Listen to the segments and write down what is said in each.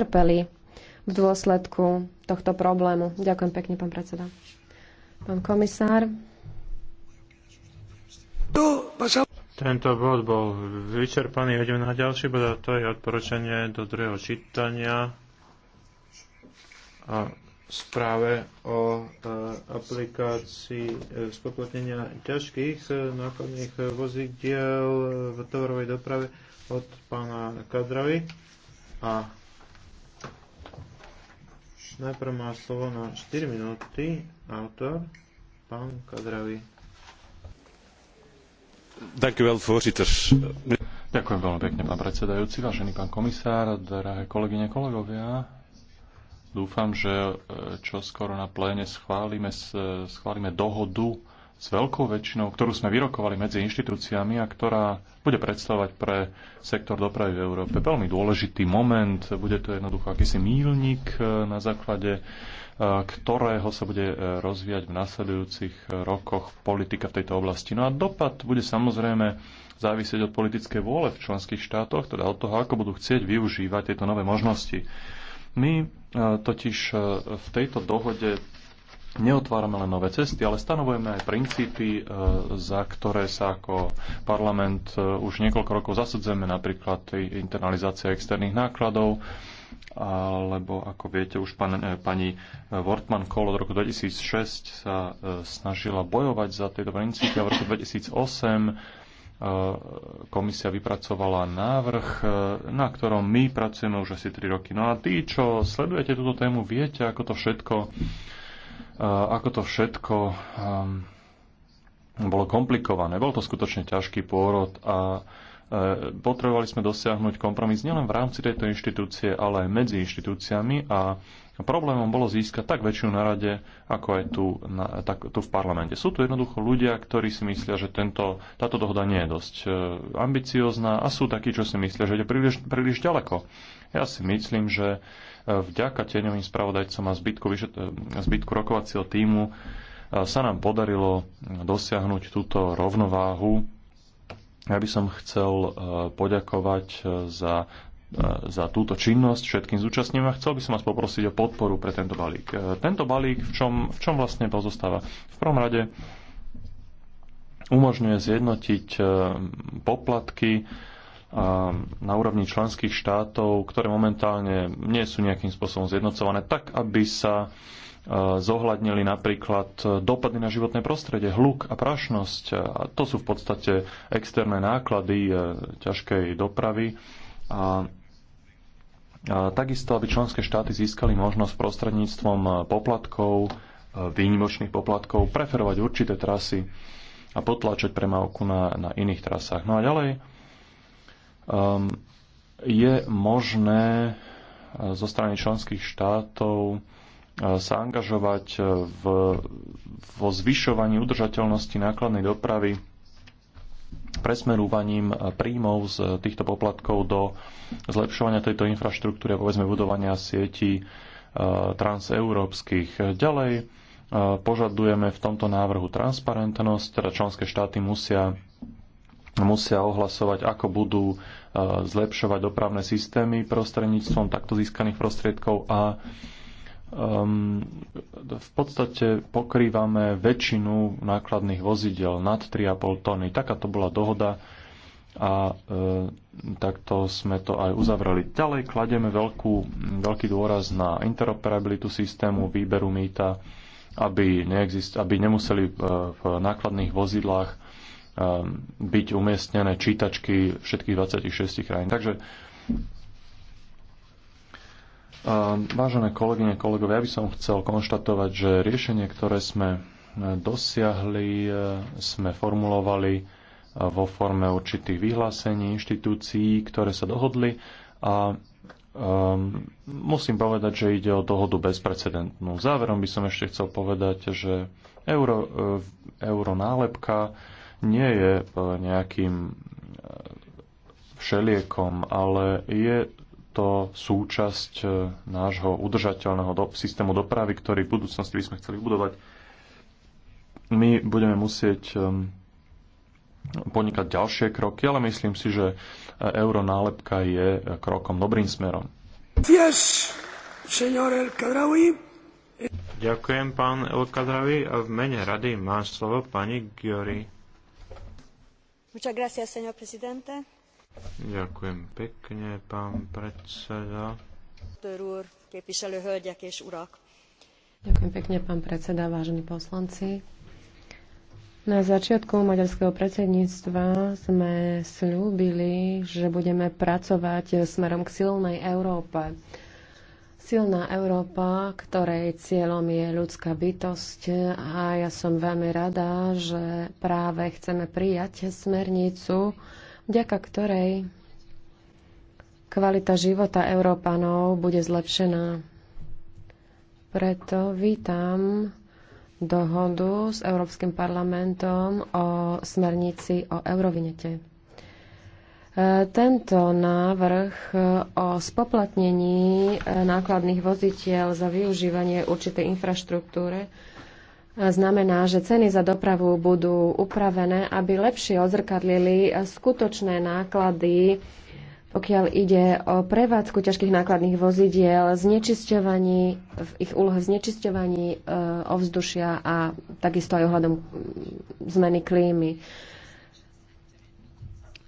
utrpeli v dôsledku tohto problému. Ďakujem pekne, pán predseda. Pán komisár. Tento bod bol vyčerpaný. Ideme na ďalší bod a to je odporúčanie do druhého čítania a správe o e, aplikácii e, spoplatnenia ťažkých e, nákladných vozidiel v tovarovej doprave od pána Kadravy. A Najprv má slovo na 4 minúty autor, pán Kadravi. Ďakujem veľmi pekne, pán predsedajúci, vážený pán komisár, drahé kolegyne, kolegovia. Dúfam, že eh, čo skoro na pléne schválime, eh, schválime dohodu s veľkou väčšinou, ktorú sme vyrokovali medzi inštitúciami a ktorá bude predstavovať pre sektor dopravy v Európe veľmi dôležitý moment. Bude to jednoducho akýsi mílnik, e, na základe e, ktorého sa bude e, rozvíjať v nasledujúcich rokoch politika v tejto oblasti. No a dopad bude samozrejme závisieť od politickej vôle v členských štátoch, teda od toho, ako budú chcieť využívať tieto nové možnosti. My totiž v tejto dohode neotvárame len nové cesty, ale stanovujeme aj princípy, e, za ktoré sa ako parlament e, už niekoľko rokov zasadzujeme, napríklad internalizácia externých nákladov, alebo ako viete, už pan, e, pani Wortmann Kohl od roku 2006 sa snažila bojovať za tieto princípy a v roku 2008 komisia vypracovala návrh, na ktorom my pracujeme už asi 3 roky. No a tí, čo sledujete túto tému, viete, ako to všetko ako to všetko ehm, bolo komplikované. Bol to skutočne ťažký pôrod a e, potrebovali sme dosiahnuť kompromis nielen v rámci tejto inštitúcie, ale aj medzi inštitúciami a problémom bolo získať tak väčšiu na rade, ako aj tu, na, tak, tu v parlamente. Sú tu jednoducho ľudia, ktorí si myslia, že tento, táto dohoda nie je dosť e, ambiciozná a sú takí, čo si myslia, že ide príliš, príliš ďaleko. Ja si myslím, že vďaka tieňovým spravodajcom a zbytku, zbytku rokovacieho týmu e, sa nám podarilo dosiahnuť túto rovnováhu. Ja by som chcel e, poďakovať e, za za túto činnosť všetkým zúčastným a chcel by som vás poprosiť o podporu pre tento balík. Tento balík v čom, v čom vlastne pozostáva? V prvom rade umožňuje zjednotiť poplatky na úrovni členských štátov, ktoré momentálne nie sú nejakým spôsobom zjednocované, tak aby sa e, zohľadnili napríklad e, dopady na životné prostredie, hluk a prašnosť. E, a to sú v podstate externé náklady ťažkej dopravy. A takisto, aby členské štáty získali možnosť prostredníctvom poplatkov, výnimočných poplatkov, preferovať určité trasy a potláčať premávku na, na iných trasách. No a ďalej, Um, je možné uh, zo strany členských štátov uh, sa angažovať uh, v, vo zvyšovaní udržateľnosti nákladnej dopravy presmerúvaním príjmov z týchto poplatkov do zlepšovania tejto infraštruktúry a povedzme budovania sietí transeurópskych. Ďalej požadujeme v tomto návrhu transparentnosť, teda členské štáty musia musia ohlasovať, ako budú e, zlepšovať dopravné systémy prostredníctvom takto získaných prostriedkov a um, v podstate pokrývame väčšinu nákladných vozidel nad 3,5 tony. Taká to bola dohoda a e, takto sme to aj uzavreli. Ďalej kladieme veľkú, veľký dôraz na interoperabilitu systému výberu mýta, aby, neexist, aby nemuseli e, v nákladných vozidlách Um, byť umiestnené čítačky všetkých 26 krajín. Takže um, vážené kolegyne, kolegovia, ja by som chcel konštatovať, že riešenie, ktoré sme eh, dosiahli, eh, sme formulovali eh, vo forme určitých vyhlásení inštitúcií, ktoré sa dohodli a Um, musím povedať, že ide o dohodu bezprecedentnú. Záverom by som ešte chcel povedať, že euro, euro nálepka nie je eh, nejakým eh, všeliekom, ale je to súčasť eh, nášho udržateľného do, systému dopravy, ktorý v budúcnosti by sme chceli budovať. My budeme musieť ehm, podnikať ďalšie kroky, ale myslím si, že euro nálepka je krokom dobrým smerom. Yes, senor El Kadraoui. Ďakujem, pán El A v mene rady má slovo pani Giori. Ďakujem pekne, pán predseda. Ďakujem pekne, pán predseda, vážení poslanci. Na začiatku maďarského predsedníctva sme slúbili, že budeme pracovať smerom k silnej Európe. Silná Európa, ktorej cieľom je ľudská bytosť a ja som veľmi rada, že práve chceme prijať smernicu, vďaka ktorej kvalita života Európanov bude zlepšená. Preto vítam dohodu s Európskym parlamentom o smernici o eurovinete. E, tento návrh e, o spoplatnení e, nákladných voziteľ za využívanie určitej infraštruktúry znamená, že ceny za dopravu budú upravené, aby lepšie odzrkadlili skutočné náklady, pokiaľ ide o prevádzku ťažkých nákladných vozidiel, znečisťovaní, v ich úlohe v znečisťovaní ovzdušia a takisto aj ohľadom zmeny klímy.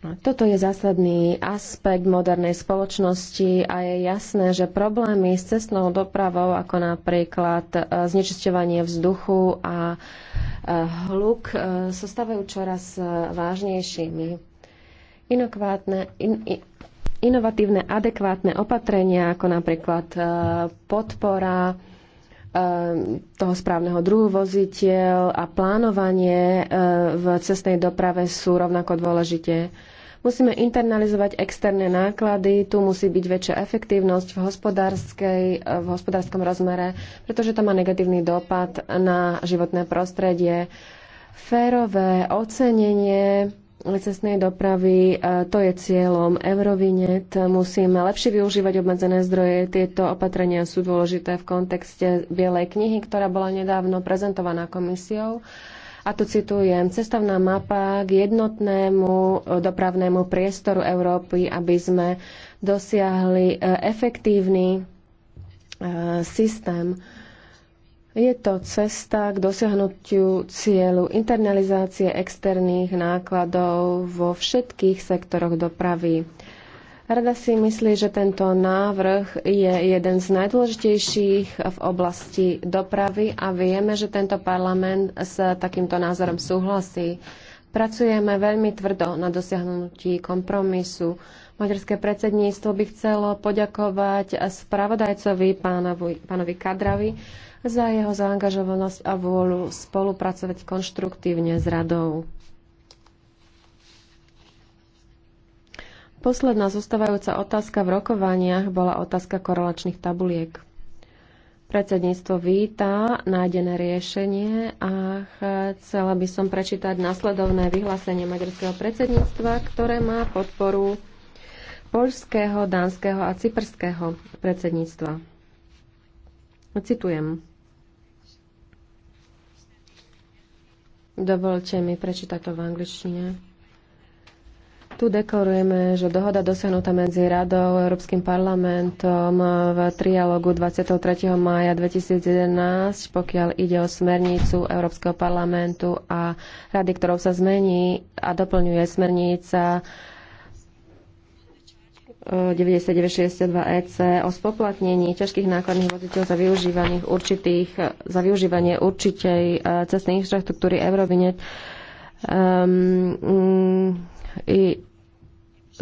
Toto je zásadný aspekt modernej spoločnosti a je jasné, že problémy s cestnou dopravou, ako napríklad e, znečisťovanie vzduchu a e, hluk, e, sa stavajú čoraz vážnejšími. Inokvátne, in, in, inovatívne, adekvátne opatrenia, ako napríklad podpora toho správneho druhu vozitiel a plánovanie v cestnej doprave sú rovnako dôležité. Musíme internalizovať externé náklady, tu musí byť väčšia efektívnosť v, hospodárskej, v hospodárskom rozmere, pretože to má negatívny dopad na životné prostredie. Férové ocenenie cestnej dopravy, e, to je cieľom Eurovinet. Musíme lepšie využívať obmedzené zdroje. Tieto opatrenia sú dôležité v kontexte Bielej knihy, ktorá bola nedávno prezentovaná komisiou a tu citujem, cestovná mapa k jednotnému dopravnému priestoru Európy, aby sme dosiahli e, efektívny e, systém. Je to cesta k dosiahnutiu cieľu internalizácie externých nákladov vo všetkých sektoroch dopravy Rada si myslí, že tento návrh je jeden z najdôležitejších v oblasti dopravy a vieme, že tento parlament s takýmto názorom súhlasí. Pracujeme veľmi tvrdo na dosiahnutí kompromisu. Maďarské predsedníctvo by chcelo poďakovať spravodajcovi pánovi, pánovi Kadravi za jeho zaangažovanosť a vôľu spolupracovať konštruktívne s radou. Posledná zostávajúca otázka v rokovaniach bola otázka korelačných tabuliek. Predsedníctvo víta nájdené riešenie a chcela by som prečítať nasledovné vyhlásenie maďarského predsedníctva, ktoré má podporu poľského, dánskeho a cyperského predsedníctva. Citujem. Dovolte mi prečítať to v angličtine. Tu deklarujeme, že dohoda dosiahnutá medzi Radou a Európskym parlamentom v trialogu 23. mája 2011, pokiaľ ide o smernicu Európskeho parlamentu a rady, ktorou sa zmení a doplňuje smernica 9962 e, EC o spoplatnení ťažkých nákladných vozidel za, využívaných určitých, za využívanie určitej e, cestnej infraštruktúry Eurovinet um, ehm, um, mm, i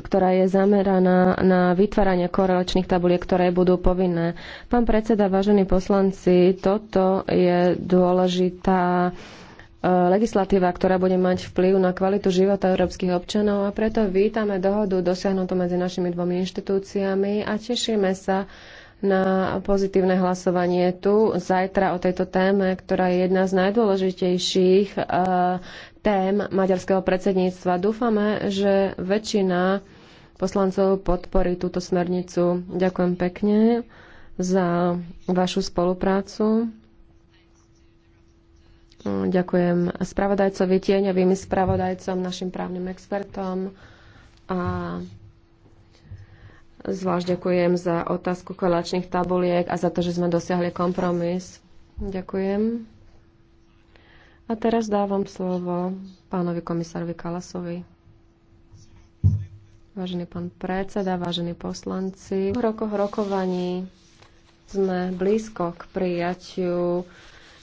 ktorá je zameraná na vytváranie korelačných tabuliek, ktoré budú povinné. Pán predseda, vážení poslanci, toto je dôležitá e, legislatíva, ktorá bude mať vplyv na kvalitu života európskych občanov a preto vítame dohodu dosiahnutú medzi našimi dvomi inštitúciami a tešíme sa na pozitívne hlasovanie tu zajtra o tejto téme, ktorá je jedna z najdôležitejších e, tém maďarského predsedníctva. Dúfame, že väčšina poslancov podporí túto smernicu. Ďakujem pekne za vašu spoluprácu. Ďakujem spravodajcovi, tieňovým spravodajcom, našim právnym expertom a zvlášť ďakujem za otázku kolačných tabuliek a za to, že sme dosiahli kompromis. Ďakujem. A teraz dávam slovo pánovi komisárovi Kalasovi. Vážený pán predseda, vážení poslanci, v rokoch rokovaní sme blízko k prijatiu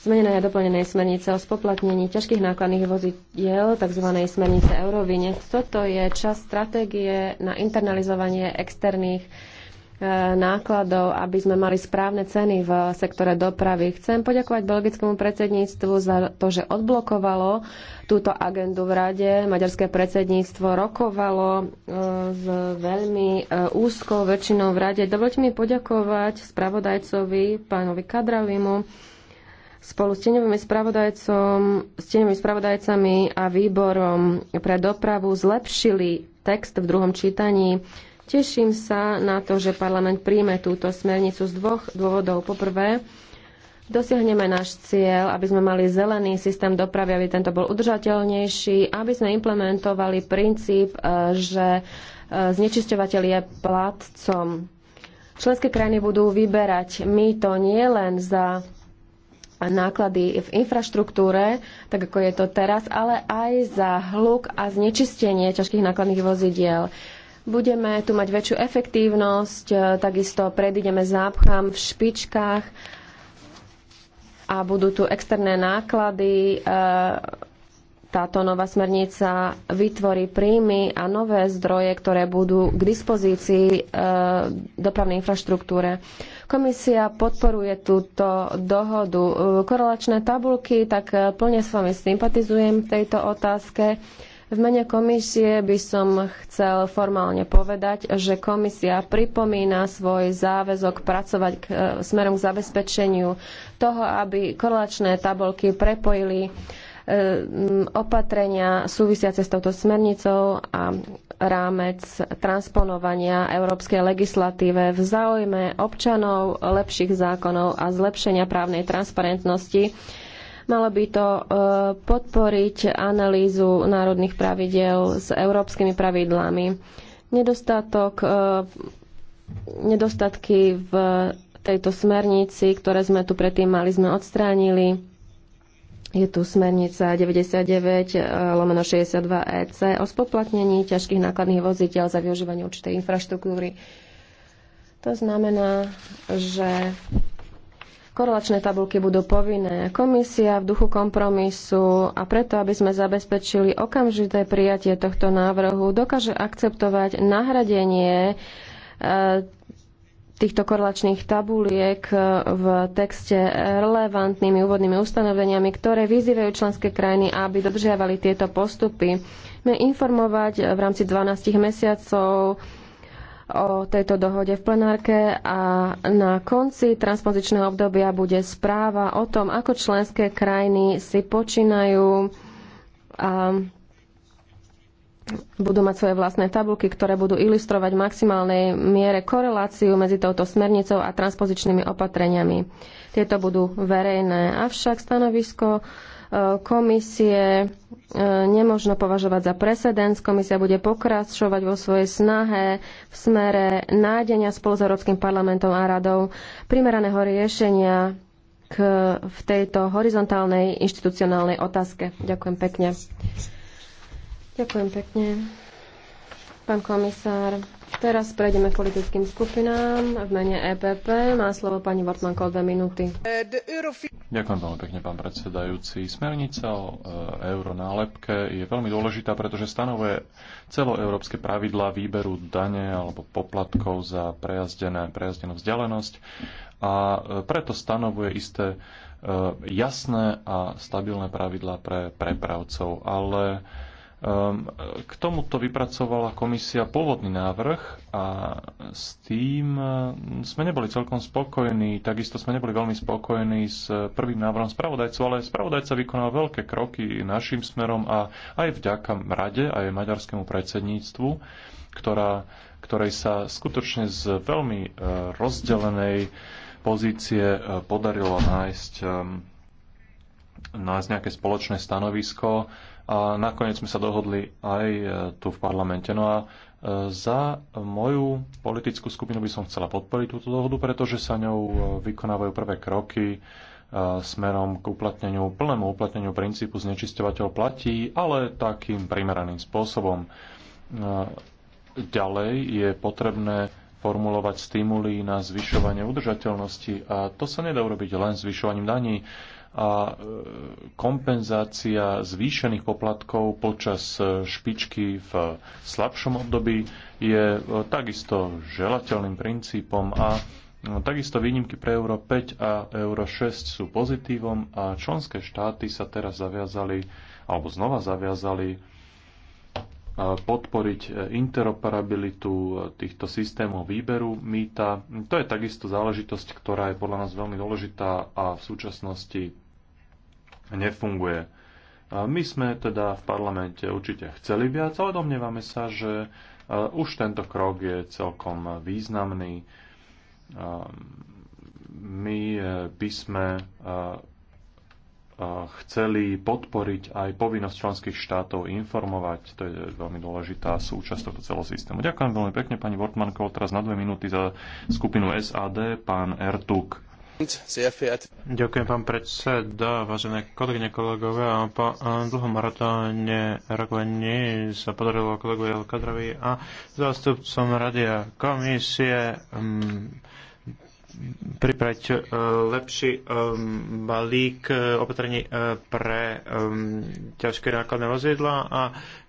zmenenej a doplnenej smernice o spoplatnení ťažkých nákladných vozidiel, tzv. smernice Eurovinec. Toto je čas stratégie na internalizovanie externých nákladov, aby sme mali správne ceny v sektore dopravy. Chcem poďakovať belgickému predsedníctvu za to, že odblokovalo túto agendu v rade. Maďarské predsedníctvo rokovalo e, s veľmi e, úzkou väčšinou v rade. Dovolte mi poďakovať spravodajcovi, pánovi Kadravimu, spolu s tieňovými, spravodajcom, s tieňovými spravodajcami a výborom pre dopravu zlepšili text v druhom čítaní Teším sa na to, že parlament príjme túto smernicu z dvoch dôvodov. Poprvé, dosiahneme náš cieľ, aby sme mali zelený systém dopravy, aby tento bol udržateľnejší, aby sme implementovali princíp, e, že e, znečisťovateľ je platcom. Členské krajiny budú vyberať to nie len za náklady v infraštruktúre, tak ako je to teraz, ale aj za hluk a znečistenie ťažkých nákladných vozidiel. Budeme tu mať väčšiu efektívnosť, e, takisto predídeme zápchám v špičkách a budú tu externé náklady. E, Táto nová smernica vytvorí príjmy a nové zdroje, ktoré budú k dispozícii e, dopravnej infraštruktúre. Komisia podporuje túto dohodu. Korelačné tabulky, tak plne s vami sympatizujem v tejto otázke. V mene komisie by som chcel formálne povedať, že komisia pripomína svoj záväzok pracovať k, e, smerom k zabezpečeniu toho, aby korelačné tabulky prepojili e, opatrenia súvisiace s touto smernicou a rámec transponovania európskej legislatíve v záujme občanov, lepších zákonov a zlepšenia právnej transparentnosti Malo by to e, podporiť analýzu národných pravidel s európskymi pravidlami. Nedostatok, e, nedostatky v tejto smernici, ktoré sme tu predtým mali, sme odstránili. Je tu smernica 99 e, lomeno 62 EC o spoplatnení ťažkých nákladných voziteľ za využívanie určitej infraštruktúry. To znamená, že korelačné tabulky budú povinné. Komisia v duchu kompromisu a preto, aby sme zabezpečili okamžité prijatie tohto návrhu, dokáže akceptovať nahradenie e, týchto korelačných tabuliek v texte relevantnými úvodnými ustanoveniami, ktoré vyzývajú členské krajiny, aby dodržiavali tieto postupy. Sme informovať v rámci 12 mesiacov o tejto dohode v plenárke a na konci transpozičného obdobia bude správa o tom, ako členské krajiny si počínajú a budú mať svoje vlastné tabulky, ktoré budú ilustrovať v maximálnej miere koreláciu medzi touto smernicou a transpozičnými opatreniami. Tieto budú verejné, avšak stanovisko komisie e, nemožno považovať za precedens. Komisia bude pokračovať vo svojej snahe v smere nájdenia spolu s Európskym parlamentom a radou primeraného riešenia k, v tejto horizontálnej inštitucionálnej otázke. Ďakujem pekne. Ďakujem pekne. Pán komisár, teraz prejdeme k politickým skupinám. V mene EPP má slovo pani Vortmanko dve minúty. Ďakujem veľmi pekne, pán predsedajúci. Smernica o e, euro nálepke je veľmi dôležitá, pretože stanovuje celoeurópske pravidlá výberu dane alebo poplatkov za prejazdené, prejazdenú vzdialenosť a e, preto stanovuje isté e, jasné a stabilné pravidlá pre prepravcov. Ale Ehm, k tomuto vypracovala komisia pôvodný návrh a s tým ehm, sme neboli celkom spokojní, takisto sme neboli veľmi spokojní s prvým návrhom spravodajcu, ale spravodajca vykonal veľké kroky našim smerom a aj vďaka rade, aj maďarskému predsedníctvu, ktorá, ktorej sa skutočne z veľmi ehm, rozdelenej pozície podarilo nájsť, nájsť nejaké spoločné stanovisko, a nakoniec sme sa dohodli aj e, tu v parlamente. No a e, za moju politickú skupinu by som chcela podporiť túto dohodu, pretože sa ňou e, vykonávajú prvé kroky smerom k uplatneniu, plnému uplatneniu princípu znečisťovateľ platí, ale takým primeraným spôsobom. Ďalej je potrebné formulovať stimuly na zvyšovanie udržateľnosti a to sa nedá urobiť len zvyšovaním daní a e, kompenzácia zvýšených poplatkov počas e, špičky v slabšom období je e, takisto želateľným princípom a Takisto výnimky pre euro 5 a euro 6 sú pozitívom a členské štáty sa teraz zaviazali alebo znova zaviazali podporiť e, interoperabilitu e, týchto systémov výberu mýta. To je takisto záležitosť, ktorá je podľa nás veľmi dôležitá a v súčasnosti nefunguje. E, my sme teda v parlamente určite chceli viac, ale domnievame sa, že už tento krok je celkom významný. My by sme chceli podporiť aj povinnosť členských štátov informovať. To je veľmi dôležitá súčasť tohto celého systému. Ďakujem veľmi pekne, pani Wortmanko. Teraz na dve minúty za skupinu SAD, pán Ertuk. Ďakujem, pán predseda, vážené kolegyne, kolegové. Po dlhom maratóne rokovaní sa podarilo kolegovi Elkadravi a zástupcom Radia komisie um, pripraviť e, lepší e, balík e, opatrení pre ťažké nákladné vozidla a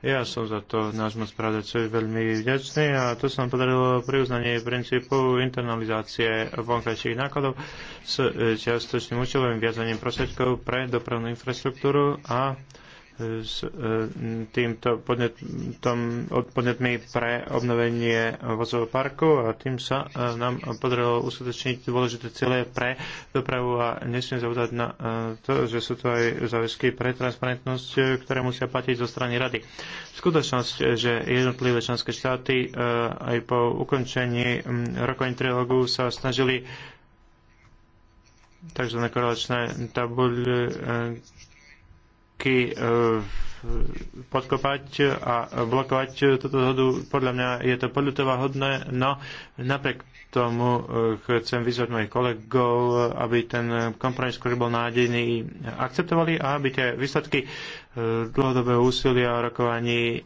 ja som za to nášmu spravodajcovi veľmi vďačný a to sa nám podarilo pri uznanie princípu internalizácie vonkajších nákladov s čiastočným účelovým viazaním prostriedkov pre dopravnú infraštruktúru a s e, týmto podnetom, podnetmi pre obnovenie vozového parku a tým sa e, nám podarilo uskutočniť dôležité ciele pre dopravu a nesmie zavodať na e, to, že sú to aj záväzky pre transparentnosť, ktoré musia platiť zo strany rady. Skutočnosť, že jednotlivé členské štáty aj po ukončení rokovania trilógu sa snažili tzv. korelačné tabuľ roky e, podkopať a blokovať túto zhodu. Podľa mňa je to podľutová hodné, no napriek tomu e, chcem vyzvať mojich kolegov, aby ten kompromis, ktorý bol nádejný, akceptovali a aby tie výsledky e, dlhodobého úsilia a rokovaní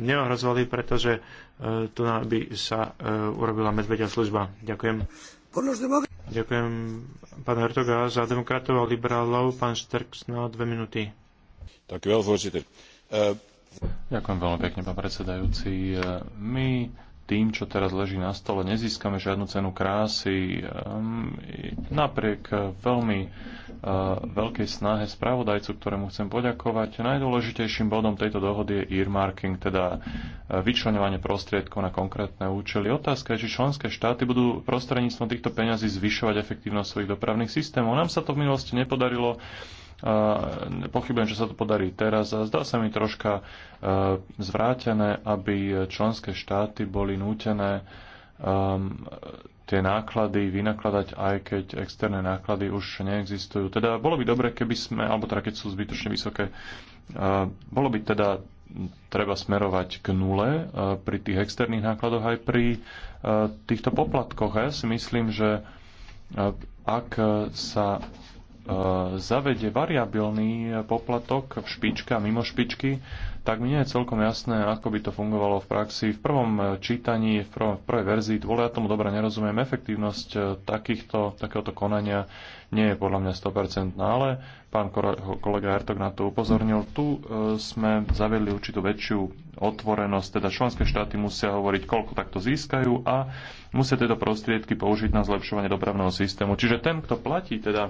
neohrozovali, pretože tu by sa urobila medvedia služba. Ďakujem. Ďakujem pán Hertoga za demokratov a liberálov, pán Šterks na dve minúty. Tak veľmi e, Ďakujem veľmi pekne, pán predsedajúci. E, my tým, čo teraz leží na stole, nezískame žiadnu cenu krásy. Ehm, napriek veľmi eh, veľkej snahe spravodajcu, ktorému chcem poďakovať, najdôležitejším bodom tejto dohody je earmarking, teda eh, vyčlenovanie prostriedkov na konkrétne účely. Otázka je, či členské štáty budú prostredníctvom týchto peňazí zvyšovať efektívnosť svojich dopravných systémov. Nám sa to v minulosti nepodarilo Pochybujem, že sa to podarí teraz zdá sa mi troška e, zvrátené, aby členské štáty boli nútené um, tie náklady vynakladať, aj keď externé náklady už neexistujú. Teda bolo by dobre, keby sme, alebo teda keď sú zbytočne vysoké, e, bolo by teda treba smerovať k nule e, pri tých externých nákladoch aj pri týchto poplatkoch. A ja si myslím, že ak sa zavede variabilný poplatok v špička, mimo špičky, tak mi nie je celkom jasné, ako by to fungovalo v praxi. V prvom eh, čítaní, v, prvom, v prvej verzii, dôle ja tomu dobre nerozumiem, efektívnosť eh, takýchto, takéhoto konania nie je podľa mňa 100%, ale pán kolega Hertog na to upozornil. Tu eh, sme zavedli určitú väčšiu otvorenosť, teda členské štáty musia hovoriť, koľko takto získajú a musia tieto prostriedky použiť na zlepšovanie dopravného systému. Čiže ten, kto platí teda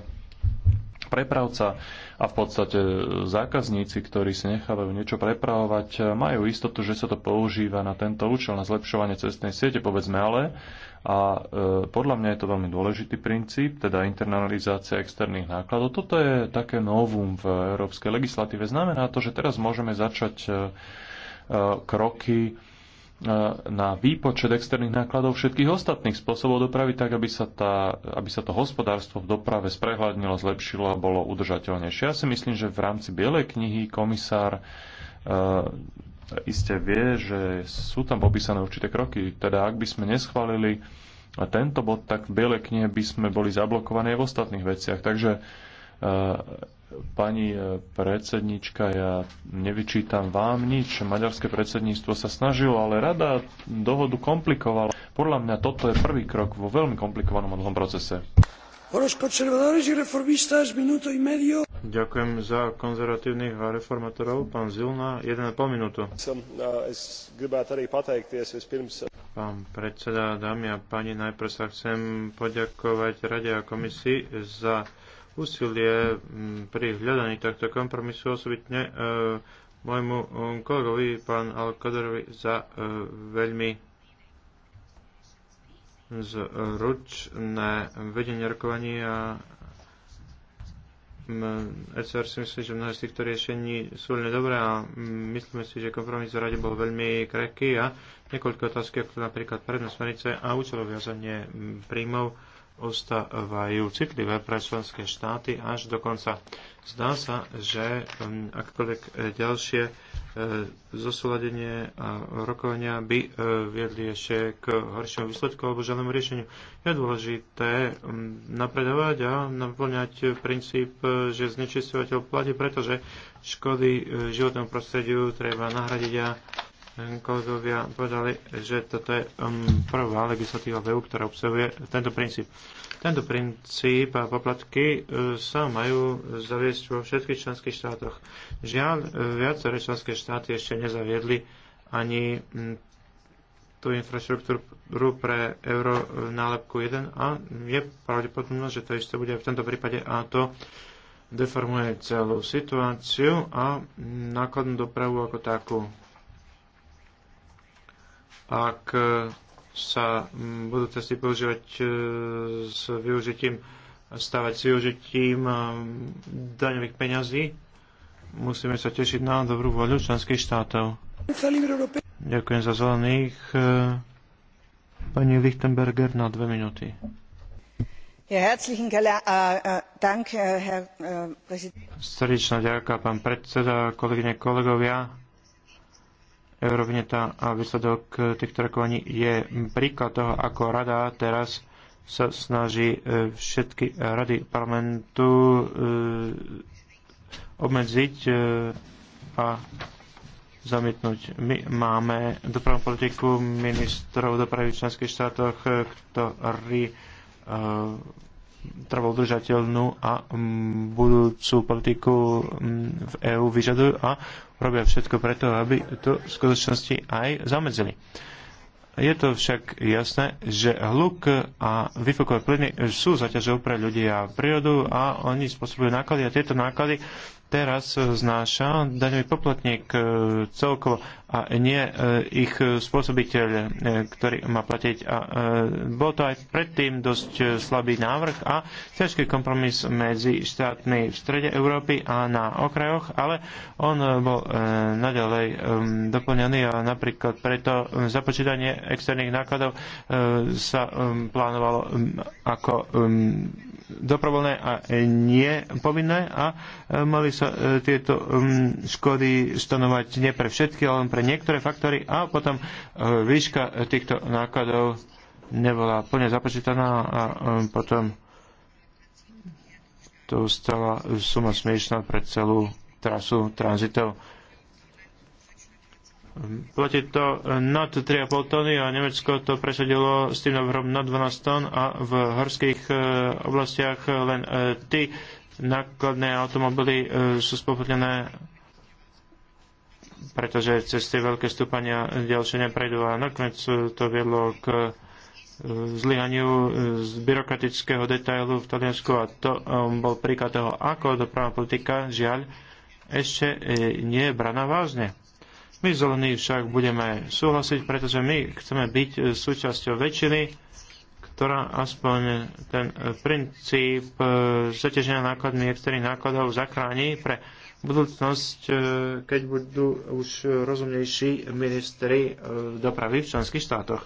prepravca a v podstate e, zákazníci, ktorí si nechávajú niečo prepravovať, e, majú istotu, že sa to používa na tento účel, na zlepšovanie cestnej siete, povedzme ale. A e, podľa mňa je to veľmi dôležitý princíp, teda internalizácia externých nákladov. Toto je také novum v európskej legislatíve. Znamená to, že teraz môžeme začať e, e, kroky, E, na výpočet externých nákladov všetkých ostatných spôsobov dopravy, tak aby sa, tá, aby sa to hospodárstvo v doprave sprehľadnilo, zlepšilo a bolo udržateľnejšie. Ja si myslím, že v rámci Bielej knihy komisár e, iste vie, že sú tam popísané určité kroky. Teda ak by sme neschválili tento bod, tak v Bielej knihe by sme boli zablokovaní aj v ostatných veciach. Takže e, Pani e, predsednička, ja nevyčítam vám nič. Maďarské predsedníctvo sa snažilo, ale rada dohodu komplikovala. Podľa mňa toto je prvý krok vo veľmi komplikovanom dlhom procese. Ďakujem za konzervatívnych a reformátorov. Pán Zilna, 1,5 minútu. Pán predseda, dámy a páni, najprv sa chcem poďakovať Rade a komisii za úsilie mm, pri hľadaní tohto kompromisu osobitne e, môjmu mm, kolegovi, pán al za e, veľmi zručné vedenie rokovaní a mm, ECR si myslí, že mnohé z týchto riešení sú veľmi dobré a myslíme si, že kompromis v rade bol veľmi krehký a niekoľko otázky, ako napríklad prednosť smernice a účelové viazanie príjmov ostávajú citlivé pre členské štáty až do konca. Zdá sa, že um, akkoľvek e, ďalšie e, zosúladenie a rokovania by e, viedli ešte k horšiemu výsledku alebo žiadnemu riešeniu. Je dôležité um, napredovať a naplňať princíp, že znečistovateľ platí, pretože škody životnému prostrediu treba nahradiť a kolegovia povedali, že toto je um, prvá legislatíva v EU, ktorá obsahuje tento princíp. Tento princíp a poplatky uh, sa majú zaviesť vo všetkých členských štátoch. Žiaľ, viaceré členské štáty ešte nezaviedli ani mm, tú infraštruktúru pre euro nálepku 1 a je pravdepodobné, že to isté bude aj v tomto prípade a to deformuje celú situáciu a mm, nákladnú dopravu ako takú ak e, sa budú testy používať e, s využitím, stavať s využitím e, daňových peňazí, musíme sa tešiť na dobrú voľu členských štátov. Ďakujem za zelených. Pani Lichtenberger na dve minúty. Äh, Srdečná ďaká, pán predseda, kolegyne, kolegovia Eurovineta a výsledok týchto rokovaní je príklad toho, ako rada teraz sa snaží e, všetky rady parlamentu e, obmedziť e, a zamietnúť. My máme dopravnú politiku ministrov dopravy v členských štátoch, ktorí trvodržateľnú a mm, budúcu politiku mm, v EÚ vyžadujú a robia všetko preto, aby to v skutočnosti aj zamedzili. Je to však jasné, že hluk a vyfokové plyny sú zaťažou pre ľudí a prírodu a oni spôsobujú náklady a tieto náklady teraz znáša daňový poplatník e, celkovo a nie e, ich spôsobiteľ, e, ktorý má platiť. A bol to aj predtým dosť slabý návrh a ťažký kompromis medzi štátmi v strede Európy a na okrajoch, ale on bol naďalej doplňaný a napríklad preto započítanie externých nákladov sa plánovalo ako dobrovoľné a nie povinné a e, mali sa e, tieto mm, škody stanovať nie pre všetky, ale len pre niektoré faktory a potom e, výška týchto nákladov nebola plne započítaná a potom to stala suma smiešná pre celú trasu tranzitov. Platí to nad 3,5 tony a Nemecko to presadilo s tým návrhom na 12 tón a v horských e, oblastiach len e, ty nákladné automobily e, sú spoplatnené pretože cez tie veľké stúpania ďalšie neprejdú a nakoniec to viedlo k zlyhaniu z byrokratického detailu v Taliansku a to bol príklad toho, ako dopravná politika, žiaľ, ešte nie je braná vážne. My zelení však budeme súhlasiť, pretože my chceme byť súčasťou väčšiny, ktorá aspoň ten princíp e, zaťaženia nákladmi externých nákladov zachráni pre budúcnosť, e, keď budú už rozumnejší ministri e, dopravy v členských štátoch.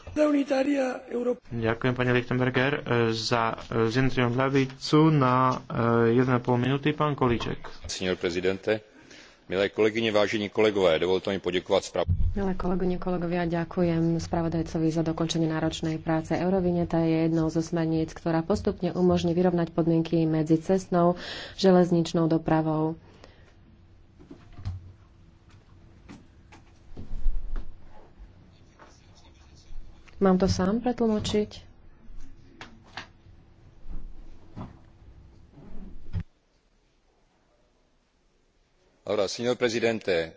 Ďakujem, pani Lichtenberger, za zintriom hlavicu na 1,5 minúty, pán Kolíček. Signor prezidente, Milé kolegyne, vážení kolegové, dovolte mi poďakovať spravodajcovi. Milé kolegyne, kolegovia, ďakujem spravodajcovi za dokončenie náročnej práce. Eurovineta je jednou zo smerníc, ktorá postupne umožní vyrovnať podmienky medzi cestnou, železničnou dopravou Mám to sám pretlmočiť? signor presidente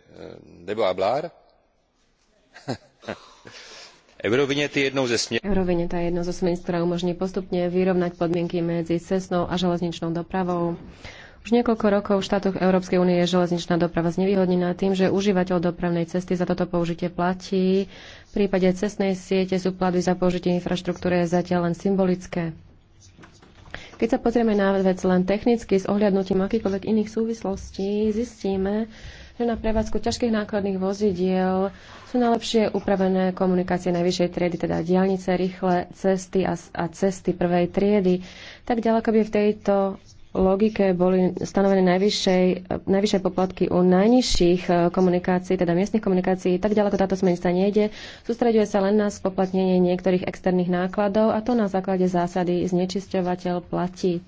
eh, je jednou zo smerníc ktorá umožní postupne vyrovnať podmienky medzi cestnou a železničnou dopravou. už niekoľko rokov v štátoch európskej únie je železničná doprava znevýhodnená tým že užívateľ dopravnej cesty za toto použitie platí v prípade cestnej siete sú platby za použitie infraštruktúry zatiaľ len symbolické. Keď sa pozrieme na vec len technicky s ohľadnutím akýchkoľvek iných súvislostí, zistíme, že na prevádzku ťažkých nákladných vozidiel sú najlepšie upravené komunikácie najvyššej triedy, teda diálnice, rýchle cesty a, a cesty prvej triedy. Tak ďaleko by v tejto logike boli stanovené najvyššie poplatky u najnižších e, komunikácií, teda miestnych komunikácií, tak ďaleko táto smernica nejde. Sústreďuje sa len na spoplatnenie niektorých externých nákladov a to na základe zásady znečisťovateľ platí.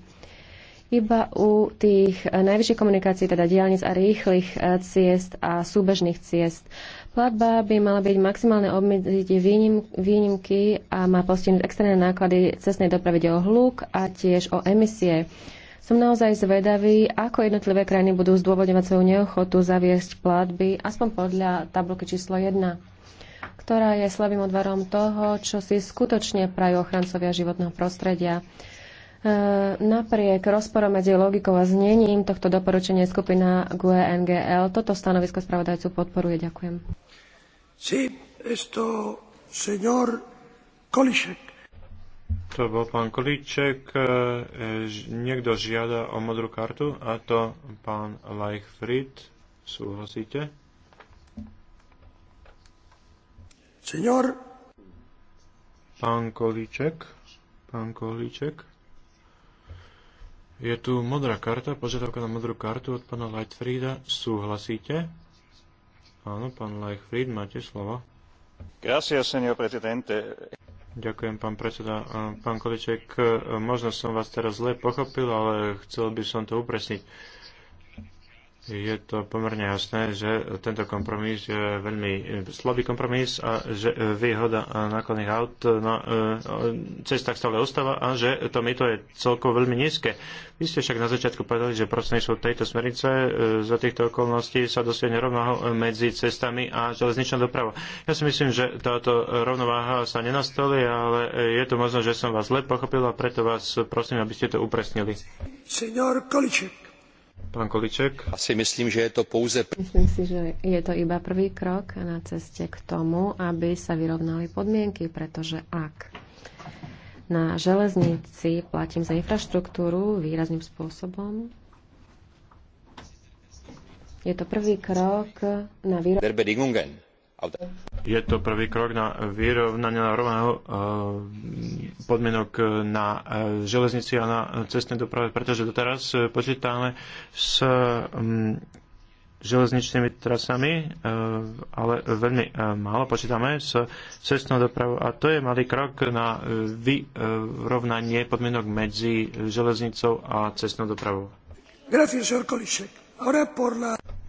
Iba u tých e, najvyšších komunikácií, teda diálnic a rýchlych e, ciest a súbežných ciest. Platba by mala byť maximálne obmedziť výnim, výnimky a má postihnúť externé náklady cestnej dopravy o hluk a tiež o emisie. Som naozaj zvedavý, ako jednotlivé krajiny budú zdôvodňovať svoju neochotu zaviesť platby, aspoň podľa tabulky číslo 1, ktorá je slabým odvarom toho, čo si skutočne prajú ochrancovia životného prostredia. E, napriek rozporu medzi logikou a znením tohto doporučenia skupina GUE NGL toto stanovisko spravodajcu podporuje. Ďakujem. Sí, esto, señor Kolišek. To bol pán Kolíček. E, e, niekto žiada o modrú kartu a to pán Leichfried. Súhlasíte? Senior. Pán Kolíček. Pán Kolíček. Je tu modrá karta, požiadavka na modrú kartu od pána Leichfrieda. Súhlasíte? Áno, pán Leichfried, máte slovo. Gracias, señor presidente. Ďakujem, pán predseda. E, pán Količek, e, možno som vás teraz zle pochopil, ale chcel by som to upresniť je to pomerne jasné, že tento kompromis je veľmi e, slabý kompromis a že e, výhoda e, nákladných aut na cestách stále ostáva a že to mýto je celkovo veľmi nízke. Vy ste však na začiatku povedali, že prostredníctvom tejto smernice za týchto okolností sa dosiahne rovnováha medzi cestami a železničná doprava. Ja si myslím, že táto rovnováha sa nenastali, ale je to možno, že som vás zle pochopil a preto vás prosím, aby ste to upresnili. Senior Količek. Pán Količek. Asi myslím, že je to pouze... Myslím si, že je to iba prvý krok na ceste k tomu, aby sa vyrovnali podmienky, pretože ak na železnici platím za infraštruktúru výrazným spôsobom. Je to prvý krok na výrobu je to prvý krok na vyrovnanie rovného eh, podmienok na eh, železnici a na cestnej doprave, pretože doteraz eh, počítame s mm, železničnými trasami, ale veľmi málo počítame s cestnou dopravou a to je malý krok na vyrovnanie podmienok medzi železnicou a cestnou dopravou. Grazie,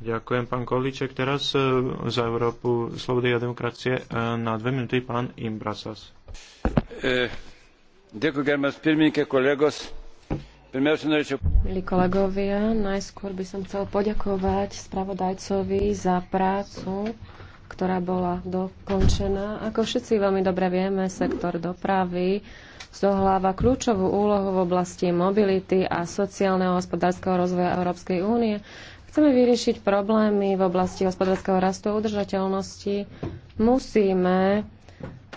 Ďakujem, pán Kolíček. Teraz e, za Európu slobody a demokracie e, na dve minúty pán Imbrasas. E, ďakujem, kolegos. Milí kolegovia, najskôr by som chcel poďakovať spravodajcovi za prácu, ktorá bola dokončená. Ako všetci veľmi dobre vieme, sektor dopravy zohláva kľúčovú úlohu v oblasti mobility a sociálneho hospodárskeho rozvoja Európskej únie. Chceme vyriešiť problémy v oblasti hospodárskeho rastu a udržateľnosti. Musíme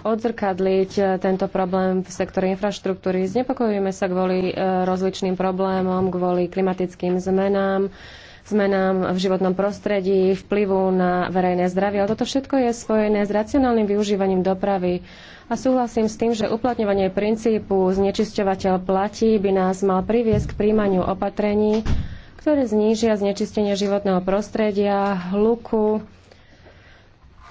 odzrkadliť e, tento problém v sektore infraštruktúry. Znepokojujeme sa kvôli e, rozličným problémom, kvôli klimatickým zmenám, zmenám v životnom prostredí, vplyvu na verejné zdravie. Ale toto všetko je spojené s racionálnym využívaním dopravy. A súhlasím s tým, že uplatňovanie princípu znečisťovateľ platí by nás mal priviesť k príjmaniu opatrení, ktoré znížia znečistenie životného prostredia, hluku,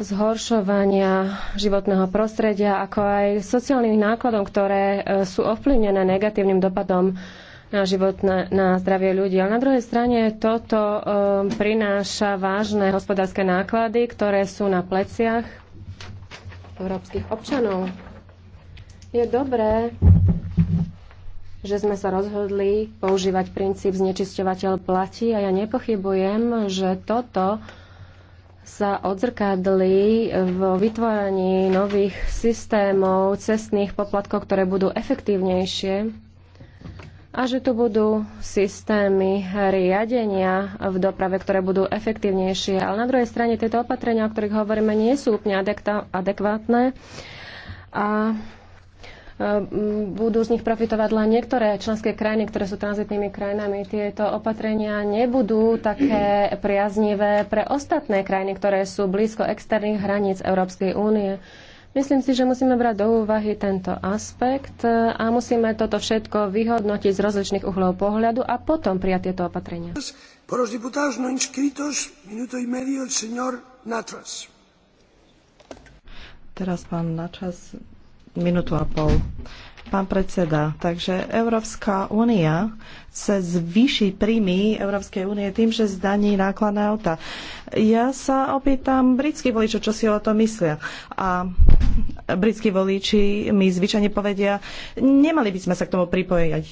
zhoršovania životného prostredia, ako aj sociálnych nákladov, ktoré e, sú ovplyvnené negatívnym dopadom na život, na, na zdravie ľudí. Ale na druhej strane toto um, prináša vážne hospodárske náklady, ktoré sú na pleciach európskych občanov. Je dobré, že sme sa rozhodli používať princíp znečisťovateľ platí a ja nepochybujem, že toto sa odzrkadli v vytváraní nových systémov cestných poplatkov, ktoré budú efektívnejšie a že tu budú systémy riadenia v doprave, ktoré budú efektívnejšie. Ale na druhej strane tieto opatrenia, o ktorých hovoríme, nie sú úplne adekvátne a e, budú z nich profitovať len niektoré členské krajiny, ktoré sú tranzitnými krajinami. Tieto opatrenia nebudú také priaznivé pre ostatné krajiny, ktoré sú blízko externých hraníc Európskej únie. Myslím si, že musíme brať do úvahy tento aspekt e, a musíme toto všetko vyhodnotiť z rozličných uhlov pohľadu a potom prijať tieto opatrenia. No Teraz pán Načas, minútu a pol pán predseda. Takže Európska únia sa zvýši príjmy Európskej únie tým, že zdaní nákladné auta. Ja sa opýtam britských voličov, čo si o tom myslia. A britskí voliči mi zvyčajne povedia, nemali by sme sa k tomu pripojiť.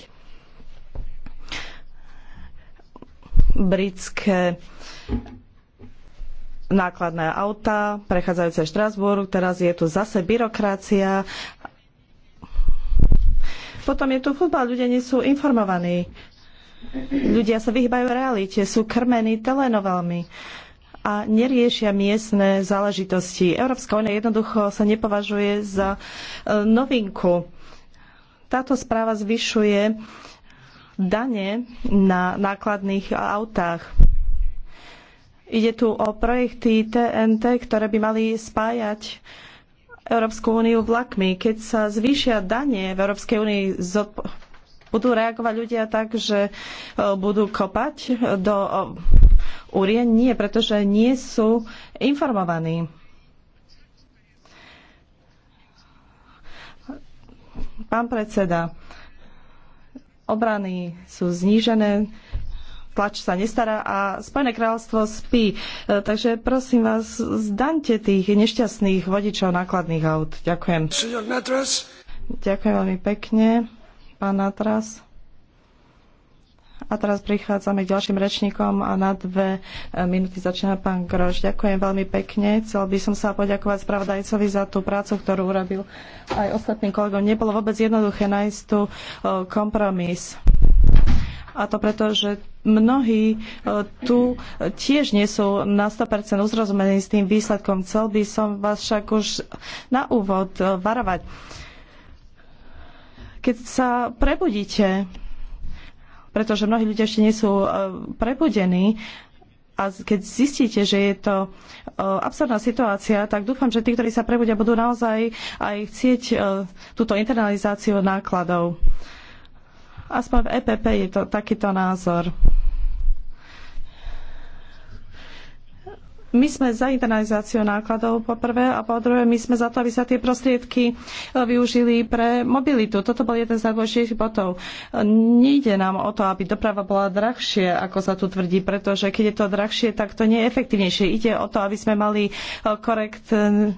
Britské nákladné auta, prechádzajúce Štrasburg, teraz je tu zase byrokracia potom je tu futbal, ľudia nie sú informovaní. Ľudia sa vyhýbajú realite, sú krmení telenovelmi a neriešia miestne záležitosti. Európska únia jednoducho sa nepovažuje za e, novinku. Táto správa zvyšuje dane na nákladných autách. Ide tu o projekty TNT, ktoré by mali spájať Európsku úniu vlakmi. Keď sa zvýšia dane v Európskej únii, budú reagovať ľudia tak, že e, budú kopať do úrie, Nie, pretože nie sú informovaní. Pán predseda, obrany sú znížené, tlač sa nestará a Spojené kráľovstvo spí. E, takže prosím vás, zdaňte tých nešťastných vodičov nákladných aut. Ďakujem. Ďakujem veľmi pekne, pán Natras. A teraz prichádzame k ďalším rečníkom a na dve e, minúty začína pán Groš. Ďakujem veľmi pekne. Chcel by som sa poďakovať spravodajcovi za tú prácu, ktorú urobil aj ostatným kolegom. Nebolo vôbec jednoduché nájsť tu e, kompromis a to preto, že mnohí e, tu tiež nie sú na 100% uzrozumení s tým výsledkom. Chcel by som vás však už na úvod e, varovať. Keď sa prebudíte, pretože mnohí ľudia ešte nie sú e, prebudení, a keď zistíte, že je to absurdná situácia, tak dúfam, že tí, ktorí sa prebudia, budú naozaj aj chcieť túto internalizáciu nákladov. Aspoň v EPP je to takýto názor. My sme za internalizáciu nákladov po prvé a po druhé my sme za to, aby sa tie prostriedky e, využili pre mobilitu. Toto bol jeden z najdôležitejších botov. Nejde nám o to, aby doprava bola drahšie, ako sa tu tvrdí, pretože keď je to drahšie, tak to nie je efektívnejšie. Ide o to, aby sme mali e, korekt e,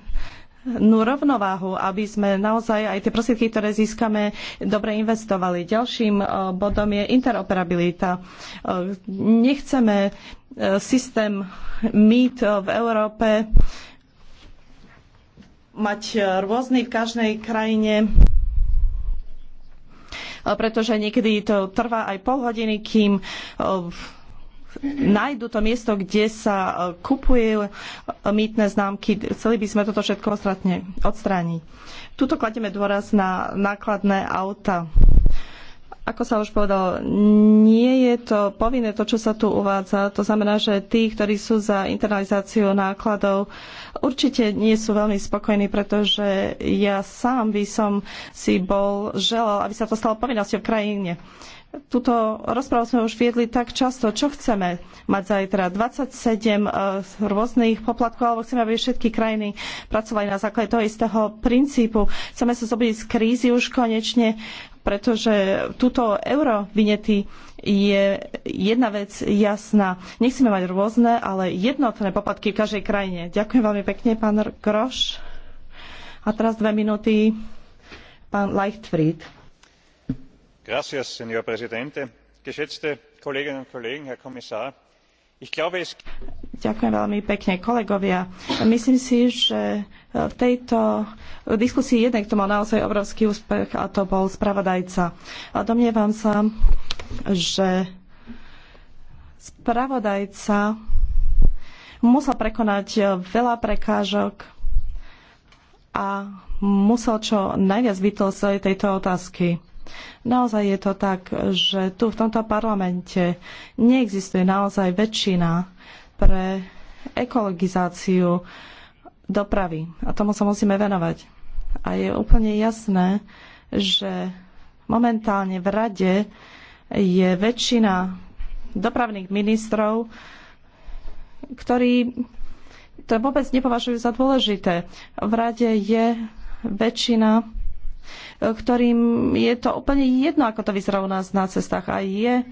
no, rovnováhu, aby sme naozaj aj tie prostriedky, ktoré získame, dobre investovali. Ďalším e, bodom je interoperabilita. E, nechceme e, systém MIT v Európe mať rôzny v každej krajine pretože niekedy to trvá aj pol hodiny, kým nájdu to miesto, kde sa e, kupujú e, mýtne známky. Chceli by sme toto všetko ostatne odstrániť. Tuto kladieme dôraz na nákladné auta. Ako sa už povedal, nie je to povinné to, čo sa tu uvádza. To znamená, že tí, ktorí sú za internalizáciu nákladov, určite nie sú veľmi spokojní, pretože ja sám by som si bol želal, aby sa to stalo povinnosťou v krajine. Túto rozprávu sme už viedli tak často. Čo chceme mať zajtra? 27 e, rôznych poplatkov, alebo chceme, aby všetky krajiny pracovali na základe toho istého princípu. Chceme sa zobudiť z krízy už konečne, pretože túto euro vinety je jedna vec jasná. Nechceme mať rôzne, ale jednotné poplatky v každej krajine. Ďakujem veľmi pekne, pán Groš. A teraz dve minúty, pán Leichtfried herr präsident geschätzte kolleginnen und kollegen herr kommissar! Ďakujem veľmi pekne kolegovia. Myslím si, že e, v tejto diskusii jeden, kto mal naozaj obrovský úspech, a to bol spravodajca. A domnievam sa, že spravodajca musel prekonať e, veľa prekážok a musel čo najviac vytlcť tejto otázky. Naozaj je to tak, že tu v tomto parlamente neexistuje naozaj väčšina pre ekologizáciu dopravy. A tomu sa musíme venovať. A je úplne jasné, že momentálne v rade je väčšina dopravných ministrov, ktorí to vôbec nepovažujú za dôležité. V rade je väčšina E, ktorým je to úplne jedno, ako to vyzerá u nás na cestách. A je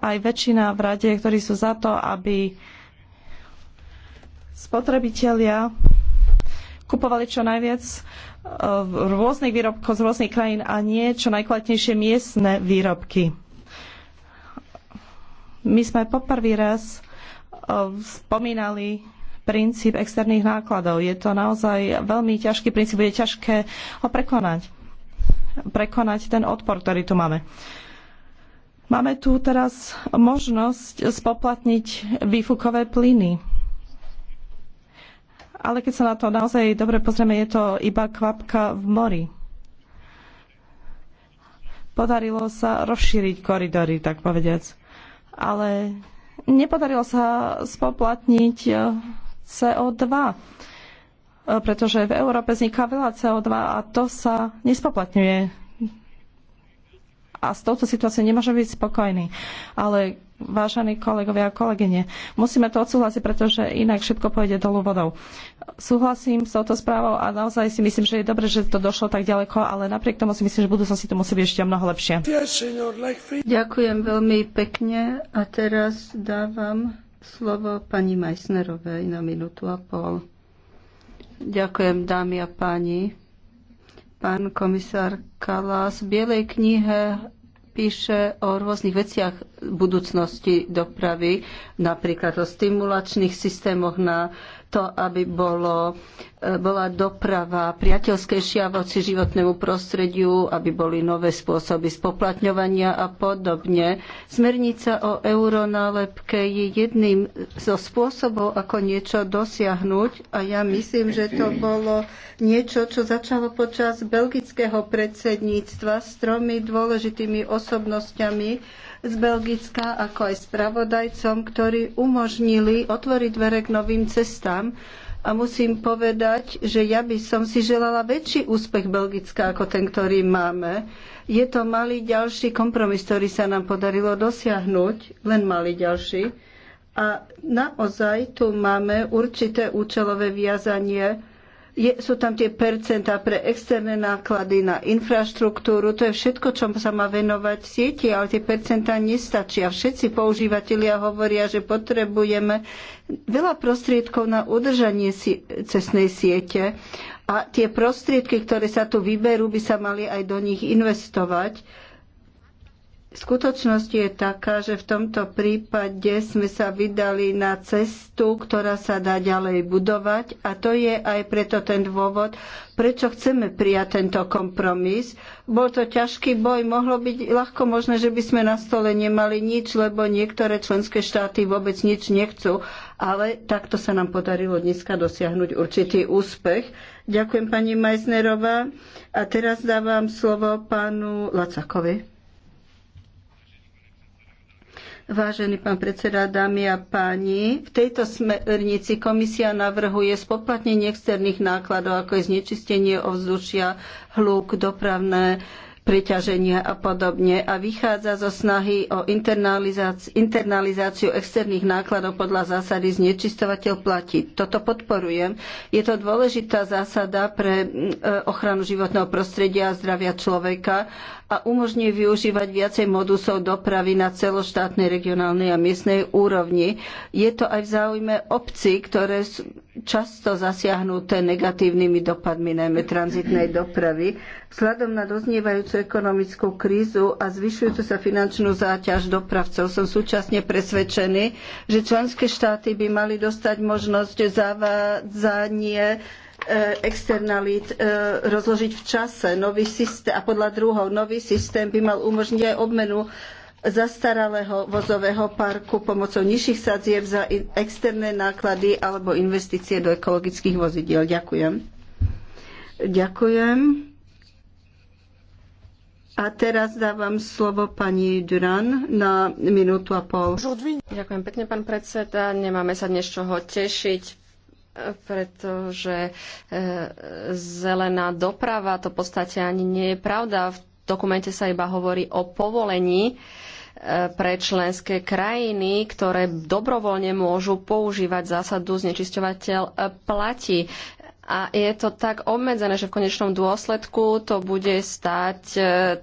aj väčšina v rade, ktorí sú za to, aby spotrebitelia kupovali čo najviac e, rôznych výrobkov z rôznych krajín a nie čo najkvalitnejšie miestne výrobky. My sme poprvý raz e, spomínali princíp externých nákladov. Je to naozaj veľmi ťažký princíp, bude ťažké ho prekonať. Prekonať ten odpor, ktorý tu máme. Máme tu teraz možnosť spoplatniť výfukové plyny. Ale keď sa na to naozaj dobre pozrieme, je to iba kvapka v mori. Podarilo sa rozšíriť koridory, tak povediac. Ale nepodarilo sa spoplatniť CO2 e, pretože v Európe vzniká veľa CO2 a to sa nespoplatňuje. A s touto situáciou nemôžeme byť spokojní. Ale vážení kolegovia a kolegyne, musíme to odsúhlasiť, pretože inak všetko pôjde dolu vodou. Súhlasím s touto správou a naozaj si myslím, že je dobre, že to došlo tak ďaleko, ale napriek tomu si myslím, že v budúcnosti to musí byť ešte mnoho lepšie. Ďakujem veľmi pekne a teraz dávam slovo pani Majsnerovej na minútu a pol. Ďakujem, dámy a páni. Pán komisár Kalas v Bielej knihe píše o rôznych veciach budúcnosti dopravy, napríklad o stimulačných systémoch na to, aby bolo, e, bola doprava priateľskejšia voci životnému prostrediu, aby boli nové spôsoby spoplatňovania a podobne. Smernica o euronálepke je jedným zo spôsobov, ako niečo dosiahnuť a ja myslím, že to bolo niečo, čo začalo počas belgického predsedníctva s tromi dôležitými osobnosťami, z Belgicka, ako aj spravodajcom, ktorí umožnili otvoriť dvere k novým cestám. A musím povedať, že ja by som si želala väčší úspech Belgicka ako ten, ktorý máme. Je to malý ďalší kompromis, ktorý sa nám podarilo dosiahnuť, len malý ďalší. A naozaj tu máme určité účelové viazanie je, sú tam tie percentá pre externé náklady na infraštruktúru, to je všetko, čo sa má venovať sieti, ale tie percentá nestačia. Všetci používateľia hovoria, že potrebujeme veľa prostriedkov na udržanie si, cestnej siete a tie prostriedky, ktoré sa tu vyberú, by sa mali aj do nich investovať Skutočnosť je taká, že v tomto prípade sme sa vydali na cestu, ktorá sa dá ďalej budovať a to je aj preto ten dôvod, prečo chceme prijať tento kompromis. Bol to ťažký boj, mohlo byť ľahko možné, že by sme na stole nemali nič, lebo niektoré členské štáty vôbec nič nechcú, ale takto sa nám podarilo dneska dosiahnuť určitý úspech. Ďakujem pani Majznerová a teraz dávam slovo pánu Lacakovi. Vážený pán predseda, dámy a páni, v tejto smernici komisia navrhuje spoplatnenie externých nákladov, ako je znečistenie ovzdušia, hluk, dopravné preťaženia a podobne a vychádza zo snahy o internalizáciu externých nákladov podľa zásady znečistovateľ platí. Toto podporujem. Je to dôležitá zásada pre e, ochranu životného prostredia a zdravia človeka a umožní využívať viacej modusov dopravy na celoštátnej, regionálnej a miestnej úrovni. Je to aj v záujme obcí, ktoré sú často zasiahnuté negatívnymi dopadmi najmä tranzitnej dopravy. Vzhľadom na doznievajúcu ekonomickú krízu a zvyšujúcu sa finančnú záťaž dopravcov som súčasne presvedčený, že členské štáty by mali dostať možnosť zavádzanie E, externalít e, rozložiť v čase nový systém, a podľa druhov nový systém by mal umožniť aj obmenu zastaralého vozového parku pomocou nižších sadzieb za externé náklady alebo investície do ekologických vozidiel. Ďakujem. Ďakujem. A teraz dávam slovo pani Duran na minútu a pol. Ďakujem pekne, pán predseda. Nemáme sa dnes čoho tešiť pretože e, zelená doprava to v podstate ani nie je pravda. V dokumente sa iba hovorí o povolení e, pre členské krajiny, ktoré dobrovoľne môžu používať zásadu znečisťovateľ e, platí a je to tak obmedzené, že v konečnom dôsledku to bude stať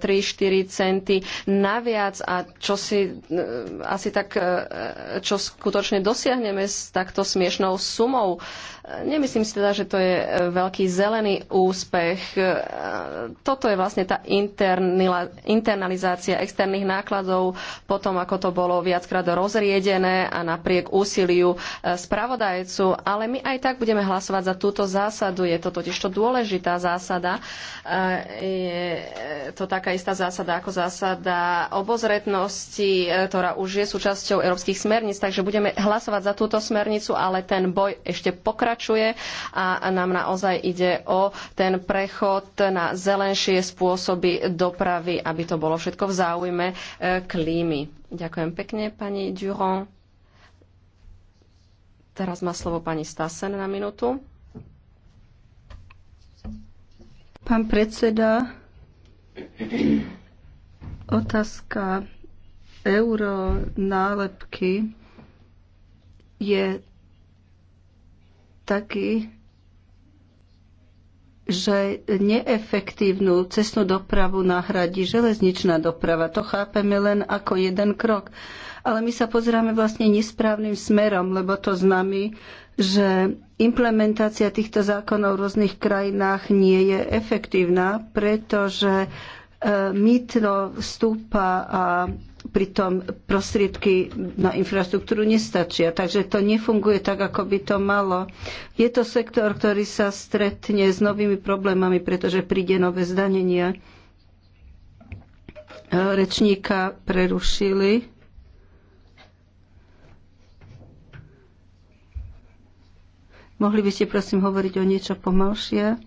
3-4 e, centy naviac a čo si e, asi tak, e, čo skutočne dosiahneme s takto smiešnou sumou. Nemyslím si teda, že to je e, veľký zelený úspech. E, toto je vlastne tá internalizácia externých nákladov, potom ako to bolo viackrát rozriedené a napriek úsiliu e, spravodajcu. Ale my aj tak budeme hlasovať za túto zásadu. Je to totiž to dôležitá zásada. Je to taká istá zásada ako zásada obozretnosti, ktorá už je súčasťou európskych smerníc. Takže budeme hlasovať za túto smernicu, ale ten boj ešte pokračuje pokračuje a nám naozaj ide o ten prechod na zelenšie spôsoby dopravy, aby to bolo všetko v záujme e, klímy. Ďakujem pekne, pani Durand. Teraz má slovo pani Stasen na minútu. Pán predseda, otázka euro nálepky je taký, že neefektívnu cestnú dopravu nahradí železničná doprava. To chápeme len ako jeden krok. Ale my sa pozeráme vlastne nesprávnym smerom, lebo to znamená, že implementácia týchto zákonov v rôznych krajinách nie je efektívna, pretože e, mýtno vstúpa a pritom prostriedky na infraštruktúru nestačia. Takže to nefunguje tak, ako by to malo. Je to sektor, ktorý sa stretne s novými problémami, pretože príde nové zdanenia. Rečníka prerušili. Mohli by ste prosím hovoriť o niečo pomalšie?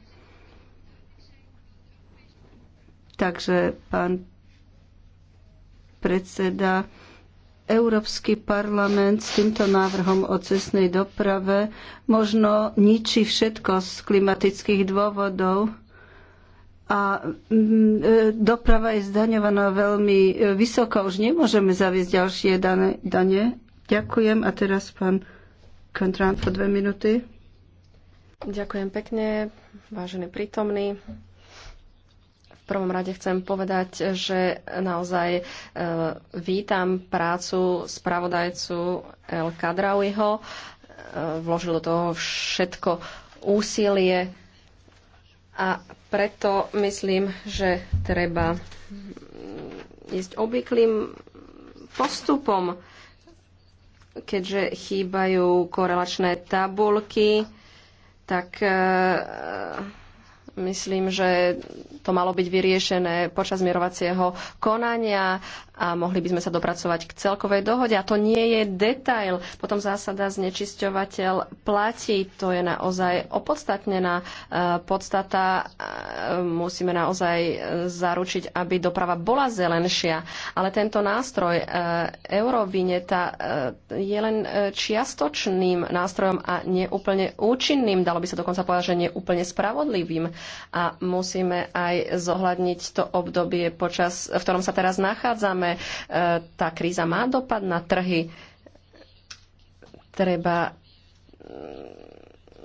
Takže pán predseda. Európsky parlament s týmto návrhom o cestnej doprave možno ničí všetko z klimatických dôvodov a mm, e, doprava je zdaňovaná veľmi e, vysoko. Už nemôžeme zaviesť ďalšie dane, dane. Ďakujem. A teraz pán Kontrán po dve minúty. Ďakujem pekne, vážený prítomný prvom rade chcem povedať, že naozaj e, vítam prácu spravodajcu El Kadrauiho. E, vložil do toho všetko úsilie a preto myslím, že treba ísť obvyklým postupom, keďže chýbajú korelačné tabulky, tak e, Myslím, že to malo byť vyriešené počas mierovacieho konania a mohli by sme sa dopracovať k celkovej dohode. A to nie je detail. Potom zásada znečisťovateľ platí. To je naozaj opodstatnená e, podstata. E, musíme naozaj e, zaručiť, aby doprava bola zelenšia. Ale tento nástroj eurovineta je len čiastočným nástrojom a neúplne účinným. Dalo by sa dokonca povedať, že neúplne spravodlivým. A musíme aj zohľadniť to obdobie, počas, v ktorom sa teraz nachádzame E, tá kríza má dopad na trhy. Treba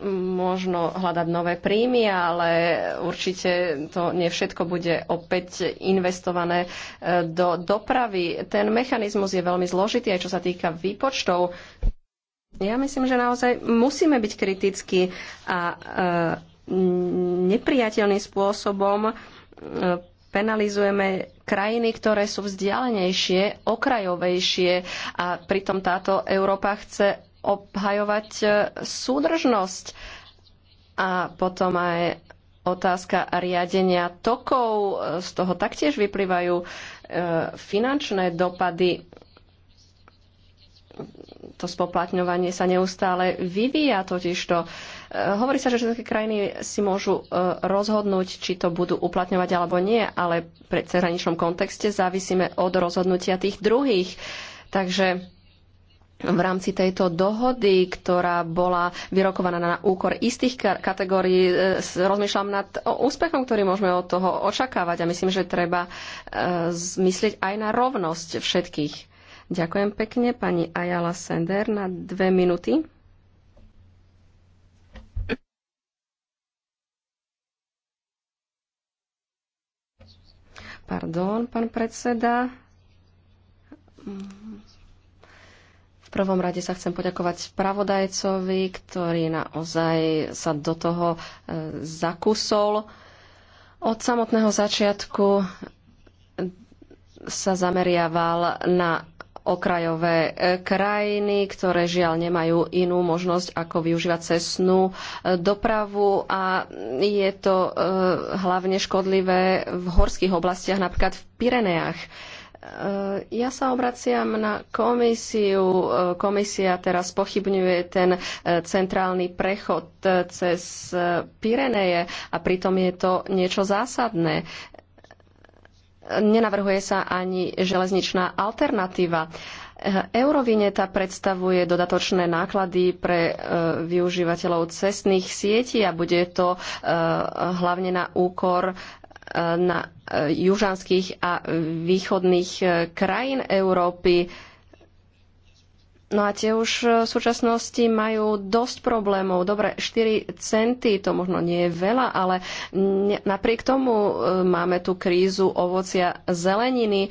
možno hľadať nové príjmy, ale určite to nie všetko bude opäť investované e, do dopravy. Ten mechanizmus je veľmi zložitý, aj čo sa týka výpočtov. Ja myslím, že naozaj musíme byť kritickí a e, nepriateľným spôsobom e, penalizujeme krajiny, ktoré sú vzdialenejšie, okrajovejšie a pritom táto Európa chce obhajovať e, súdržnosť a potom aj otázka riadenia tokov. E, z toho taktiež vyplývajú e, finančné dopady to spoplatňovanie sa neustále vyvíja totižto. E, hovorí sa, že všetky krajiny si môžu e, rozhodnúť, či to budú uplatňovať alebo nie, ale pri cezhraničnom kontexte závisíme od rozhodnutia tých druhých. Takže v rámci tejto dohody, ktorá bola vyrokovaná na úkor istých kategórií, e, rozmýšľam nad úspechom, ktorý môžeme od toho očakávať a myslím, že treba myslieť aj na rovnosť všetkých. Ďakujem pekne. Pani Ayala Sender na dve minúty. Pardon, pán predseda. V prvom rade sa chcem poďakovať spravodajcovi, ktorý naozaj sa do toho e, zakusol. Od samotného začiatku sa zameriaval na okrajové e, krajiny, ktoré žiaľ nemajú inú možnosť, ako využívať cestnú e, dopravu a je to e, hlavne škodlivé v horských oblastiach, napríklad v Pireneách. Ja sa obraciam na komisiu. Komisia teraz pochybňuje ten centrálny prechod cez Pireneje a pritom je to niečo zásadné nenavrhuje sa ani železničná alternatíva. Eurovineta predstavuje dodatočné náklady pre e, využívateľov cestných sietí a bude to e, hlavne na úkor e, na južanských a východných krajín Európy No a tie už e, v súčasnosti majú dosť problémov. Dobre, 4 centy to možno nie je veľa, ale napriek tomu e, máme tu krízu ovocia zeleniny. E,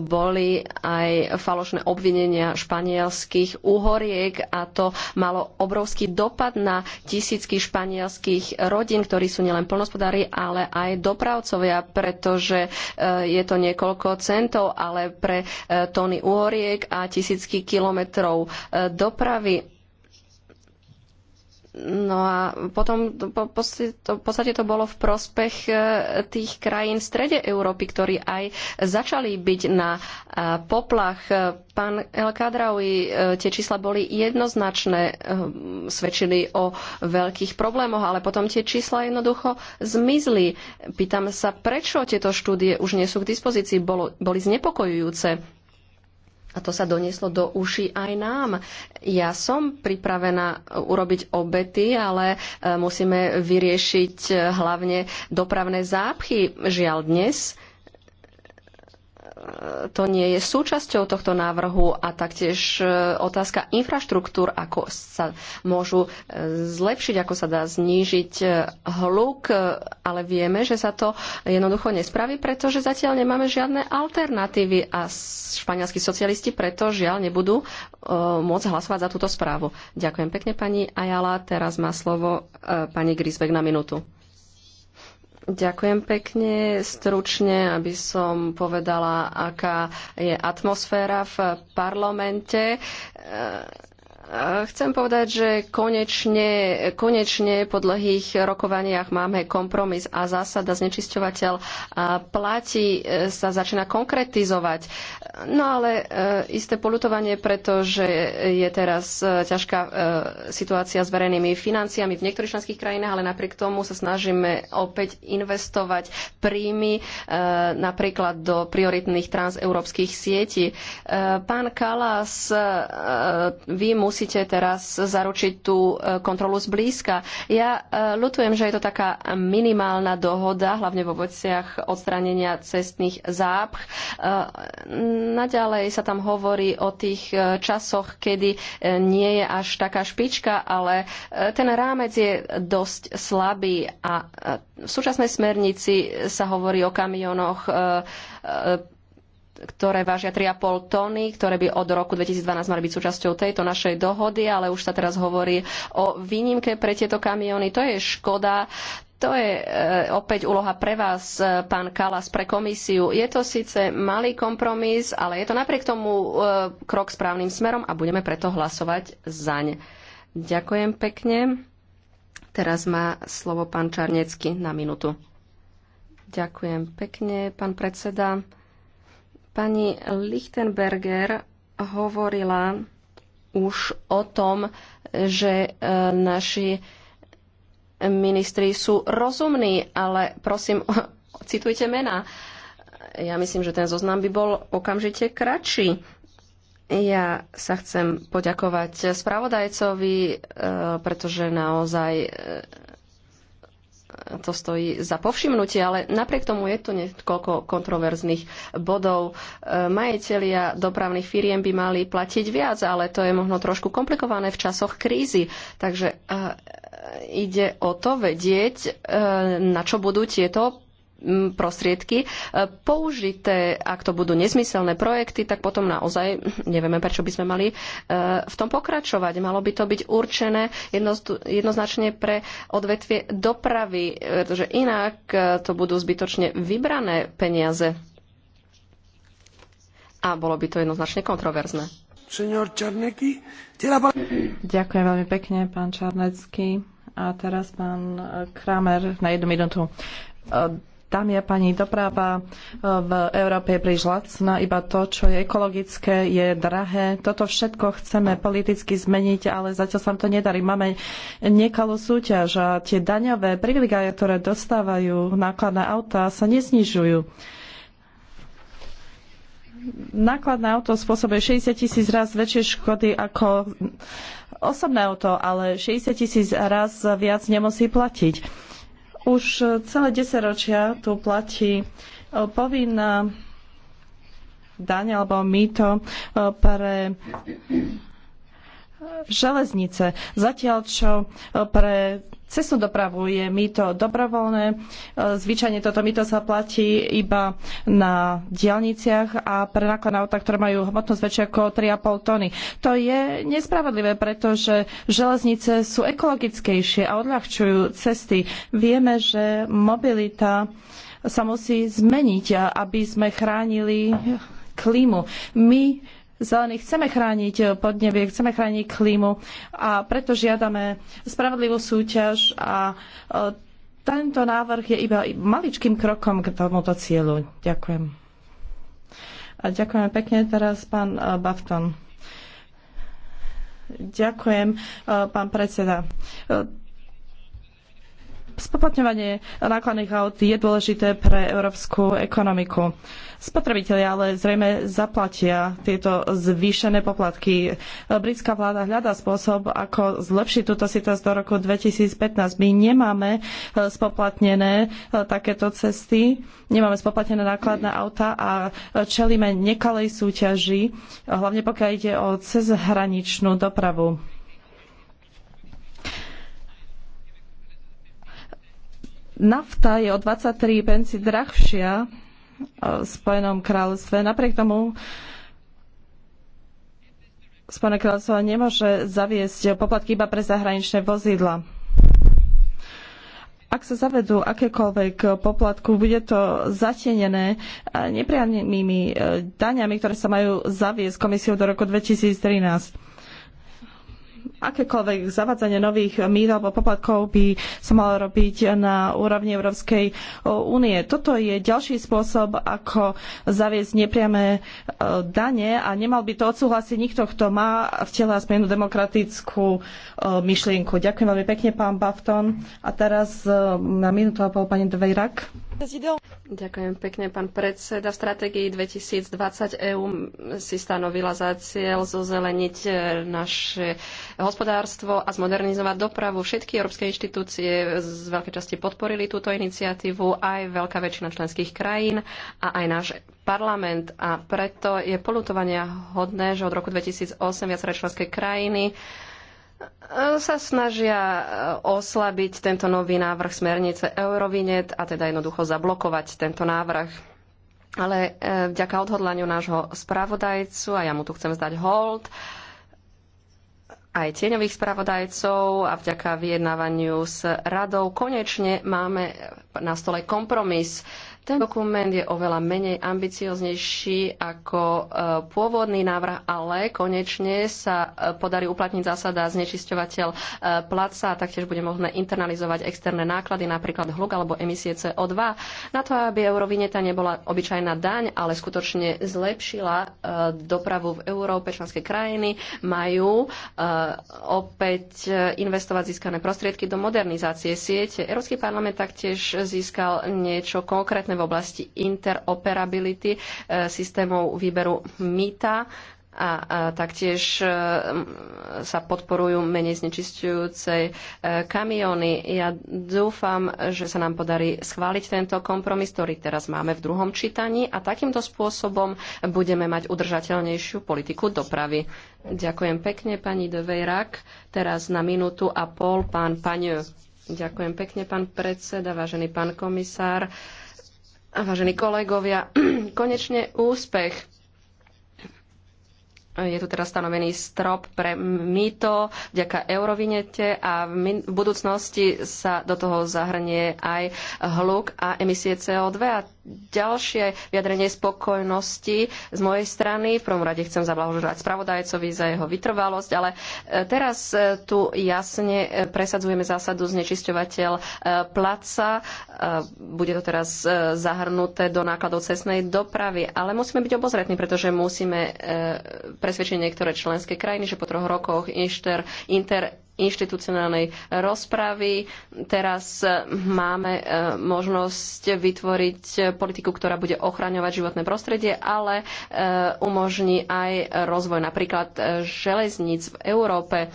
boli aj falošné obvinenia španielských uhoriek a to malo obrovský dopad na tisícky španielských rodín, ktorí sú nielen plnospodári, ale aj dopravcovia, pretože je to niekoľko centov, ale pre tóny uhoriek a tisícky kilometrov sektorov e, dopravy. No a potom v podstate to bolo v prospech e, tých krajín v strede Európy, ktorí aj začali byť na e, poplach. Pán El Kadraui, tie čísla boli jednoznačné, svedčili o veľkých problémoch, ale potom tie čísla jednoducho zmizli. Pýtam sa, prečo tieto štúdie už nie sú k dispozícii, boli znepokojujúce a to sa donieslo do uši aj nám. Ja som pripravená urobiť obety, ale e, musíme vyriešiť e, hlavne dopravné zápchy. Žiaľ dnes to nie je súčasťou tohto návrhu a taktiež e, otázka infraštruktúr, ako sa môžu e, zlepšiť, ako sa dá znížiť e, hluk, ale vieme, že sa to jednoducho nespraví, pretože zatiaľ nemáme žiadne alternatívy a španielskí socialisti preto žiaľ nebudú môcť hlasovať za túto správu. Ďakujem pekne pani Ajala. Teraz má slovo pani Grisbeck na minútu. Ďakujem pekne. Stručne, aby som povedala, aká je atmosféra v parlamente. E Eh, chcem povedať, že konečne, konečne po dlhých rokovaniach máme kompromis a zásada znečisťovateľ platí eh, sa začína konkretizovať. No ale eh, isté polutovanie, pretože je teraz ťažká situácia s verejnými financiami v niektorých členských krajinách, ale napriek tomu sa snažíme opäť investovať príjmy napríklad do prioritných transeurópskych sietí. Pán Kalas, vy musíte musíte teraz zaručiť tú e, kontrolu zblízka. Ja e, ľutujem, že je to taká minimálna dohoda, hlavne vo veciach odstránenia cestných zápch. E, naďalej sa tam hovorí o tých časoch, kedy nie je až taká špička, ale ten rámec je dosť slabý a v súčasnej smernici sa hovorí o kamionoch ktoré vážia 3,5 tony, ktoré by od roku 2012 mali byť súčasťou tejto našej dohody, ale už sa teraz hovorí o výnimke pre tieto kamiony. To je škoda. To je e, opäť úloha pre vás, e, pán Kalas, pre komisiu. Je to síce malý kompromis, ale je to napriek tomu e, krok správnym smerom a budeme preto hlasovať zaň. Ďakujem pekne. Teraz má slovo pán Čarnecký na minutu. Ďakujem pekne, pán predseda. Pani Lichtenberger hovorila už o tom, že e, naši ministri sú rozumní, ale prosím, citujte mená. Ja myslím, že ten zoznam by bol okamžite kratší. Ja sa chcem poďakovať spravodajcovi, e, pretože naozaj e, to stojí za povšimnutie, ale napriek tomu je tu niekoľko kontroverzných bodov. E, majiteľia dopravných firiem by mali platiť viac, ale to je možno trošku komplikované v časoch krízy. Takže e, ide o to vedieť, e, na čo budú tieto prostriedky e, použité, ak to budú nezmyselné projekty, tak potom naozaj hm, nevieme, prečo by sme mali e, v tom pokračovať. Malo by to byť určené jednoznačne pre odvetvie dopravy, pretože inak e, to budú zbytočne vybrané peniaze. A bolo by to jednoznačne kontroverzné. Ďakujem veľmi pekne, pán Čarnecký. A teraz pán Kramer na jednu minútu Dámy a pani doprava e, v Európe je príliš lacná, iba to, čo je ekologické, je drahé. Toto všetko chceme politicky zmeniť, ale zatiaľ sa to nedarí. Máme nekalú súťaž a tie daňové privilegie, ktoré dostávajú nákladné autá, sa neznižujú nákladné auto spôsobuje 60 tisíc raz väčšie škody ako osobné auto, ale 60 tisíc raz viac nemusí platiť. Už celé ročia tu platí e, povinná daň alebo mýto e, pre železnice. Zatiaľ čo e, pre cestnú dopravu je mýto dobrovoľné. E, Zvyčajne toto mýto sa platí iba na dielniciach a pre náklad auta, ktoré majú hmotnosť väčšia ako 3,5 tony. To je nespravodlivé, pretože železnice sú ekologickejšie a odľahčujú cesty. Vieme, že mobilita sa musí zmeniť, aby sme chránili klímu. My zelení chceme chrániť podnebie, chceme chrániť klímu a preto žiadame spravodlivú súťaž a e, tento návrh je iba maličkým krokom k tomuto cieľu. Ďakujem. A ďakujem pekne teraz pán e, Bafton. Ďakujem, e, pán predseda. Spoplatňovanie nákladných aut je dôležité pre európsku ekonomiku. Spotrebitelia ale zrejme zaplatia tieto zvýšené poplatky. Britská vláda hľadá spôsob, ako zlepšiť túto situáciu do roku 2015. My nemáme eh, spoplatnené eh, takéto cesty, nemáme spoplatnené nákladné auta a eh, čelíme nekalej súťaži, hlavne pokiaľ ide o cezhraničnú dopravu. Nafta je o 23 penci drahšia e, v Spojenom kráľovstve. Napriek tomu Spojené kráľovstvo nemôže zaviesť poplatky iba pre zahraničné vozidla. Ak sa zavedú akékoľvek poplatku, bude to zatenené nepriamými e, daňami, ktoré sa majú zaviesť komisiou do roku 2013 akékoľvek zavádzanie nových mír alebo poplatkov by sa malo robiť na úrovni Európskej e, únie. Toto je ďalší spôsob, ako zaviesť nepriame e, dane a nemal by to odsúhlasiť nikto, kto má v tele aspoň jednu demokratickú e, myšlienku. Ďakujem veľmi pekne, pán Bafton. A teraz na minútu a pol pani Dvejrak. Ďakujem pekne, pán predseda. V stratégii 2020 EÚ si stanovila za cieľ zozeleniť naše hospodárstvo a zmodernizovať dopravu. Všetky európske inštitúcie z veľkej časti podporili túto iniciatívu, aj veľká väčšina členských krajín a aj náš parlament. A preto je polutovania hodné, že od roku 2008 viaceré členské krajiny e, sa snažia e, oslabiť tento nový návrh smernice Eurovinet a teda jednoducho zablokovať tento návrh. Ale e, vďaka odhodlaniu nášho spravodajcu, a ja mu tu chcem zdať hold, aj tieňových spravodajcov a vďaka vyjednávaniu s radou konečne máme na stole kompromis ten dokument je oveľa menej ambicioznejší ako e, pôvodný návrh, ale konečne sa e, podarí uplatniť zásada znečisťovateľ e, placa a taktiež bude možné internalizovať externé náklady, napríklad hluk alebo emisie CO2, na to, aby eurovineta nebola obyčajná daň, ale skutočne zlepšila dopravu v Európe. Členské krajiny majú opäť investovať získané prostriedky do modernizácie siete. Európsky parlament taktiež získal niečo konkrétne v oblasti interoperability e, systémov výberu mýta a, taktiež e, sa podporujú menej znečistujúce e, kamiony. Ja dúfam, že sa nám podarí schváliť tento kompromis, ktorý teraz máme v druhom čítaní a takýmto spôsobom budeme mať udržateľnejšiu politiku dopravy. Ďakujem pekne, pani De Vejrak. Teraz na minútu a pol pán Paňu. Ďakujem pekne, pán predseda, vážený pán komisár. Vážení kolegovia, konečne úspech je tu teraz stanovený strop pre mýto vďaka eurovinete a v budúcnosti sa do toho zahrnie aj hluk a emisie CO2. A ďalšie vyjadrenie spokojnosti z mojej strany. V prvom rade chcem zablahožovať spravodajcovi za jeho vytrvalosť, ale e, teraz e, tu jasne e, presadzujeme zásadu znečisťovateľ placa. Bude to teraz zahrnuté do nákladov cestnej dopravy, ale musíme byť obozretní, pretože musíme pre presvedčili niektoré členské krajiny, že po troch rokoch inšter, inter, inštitucionálnej rozpravy. Teraz e, máme e, možnosť vytvoriť politiku, ktorá bude ochraňovať životné prostredie, ale e, umožní aj rozvoj napríklad železníc v Európe.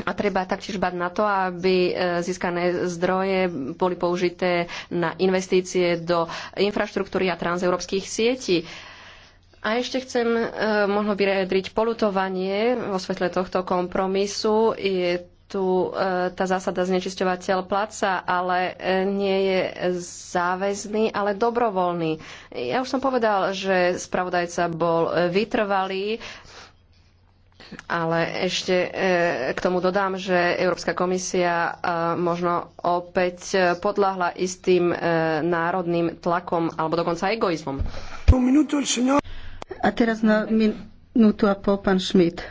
A treba taktiež bať na to, aby získané zdroje boli použité na investície do infraštruktúry a transeurópskych sietí. A ešte chcem e, možno vyjadriť polutovanie vo svetle tohto kompromisu. Je tu e, tá zásada znečisťovateľ placa, ale e, nie je záväzný, ale dobrovoľný. Ja už som povedal, že spravodajca bol e, vytrvalý. Ale ešte e, k tomu dodám, že Európska komisia e, možno opäť podľahla istým e, národným tlakom alebo dokonca egoizmom. A teraz na minútu a pol pán Šmit.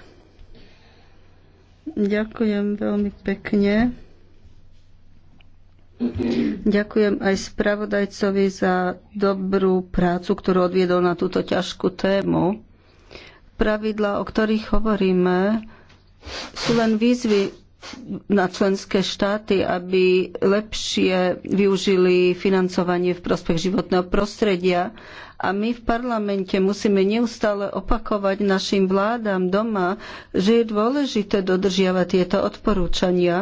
Ďakujem veľmi pekne. Ďakujem aj spravodajcovi za dobrú prácu, ktorú odviedol na túto ťažkú tému. Pravidla, o ktorých hovoríme, sú len výzvy na členské štáty, aby lepšie využili financovanie v prospech životného prostredia. A my v parlamente musíme neustále opakovať našim vládam doma, že je dôležité dodržiavať tieto odporúčania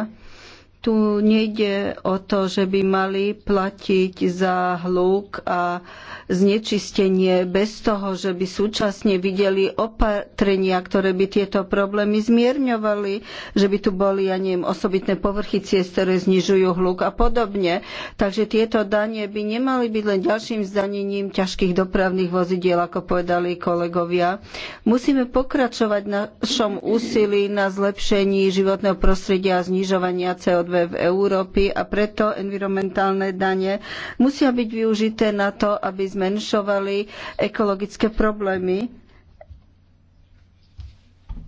tu nejde o to, že by mali platiť za hluk a znečistenie bez toho, že by súčasne videli opatrenia, ktoré by tieto problémy zmierňovali, že by tu boli, ja neviem, osobitné povrchy ciest, ktoré znižujú hluk a podobne. Takže tieto dane by nemali byť len ďalším zdanením ťažkých dopravných vozidiel, ako povedali kolegovia. Musíme pokračovať v našom úsilí na zlepšení životného prostredia a znižovania CO2 práve v Európe a preto environmentálne dane musia byť využité na to, aby zmenšovali ekologické problémy.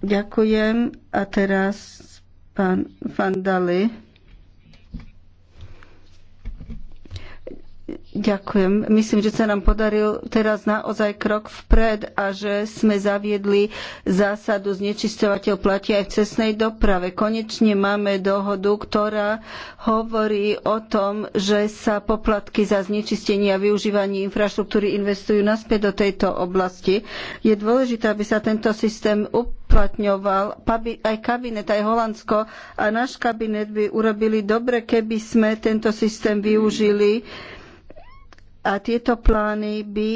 Ďakujem. A teraz pán Fandali. Ďakujem. Myslím, že sa nám podaril teraz naozaj krok vpred a že sme zaviedli zásadu znečisťovateľ platí aj v cestnej doprave. Konečne máme dohodu, ktorá hovorí o tom, že sa poplatky za znečistenie a využívanie infraštruktúry investujú naspäť do tejto oblasti. Je dôležité, aby sa tento systém uplatňoval. Aj kabinet, aj Holandsko a náš kabinet by urobili dobre, keby sme tento systém využili a tieto plány by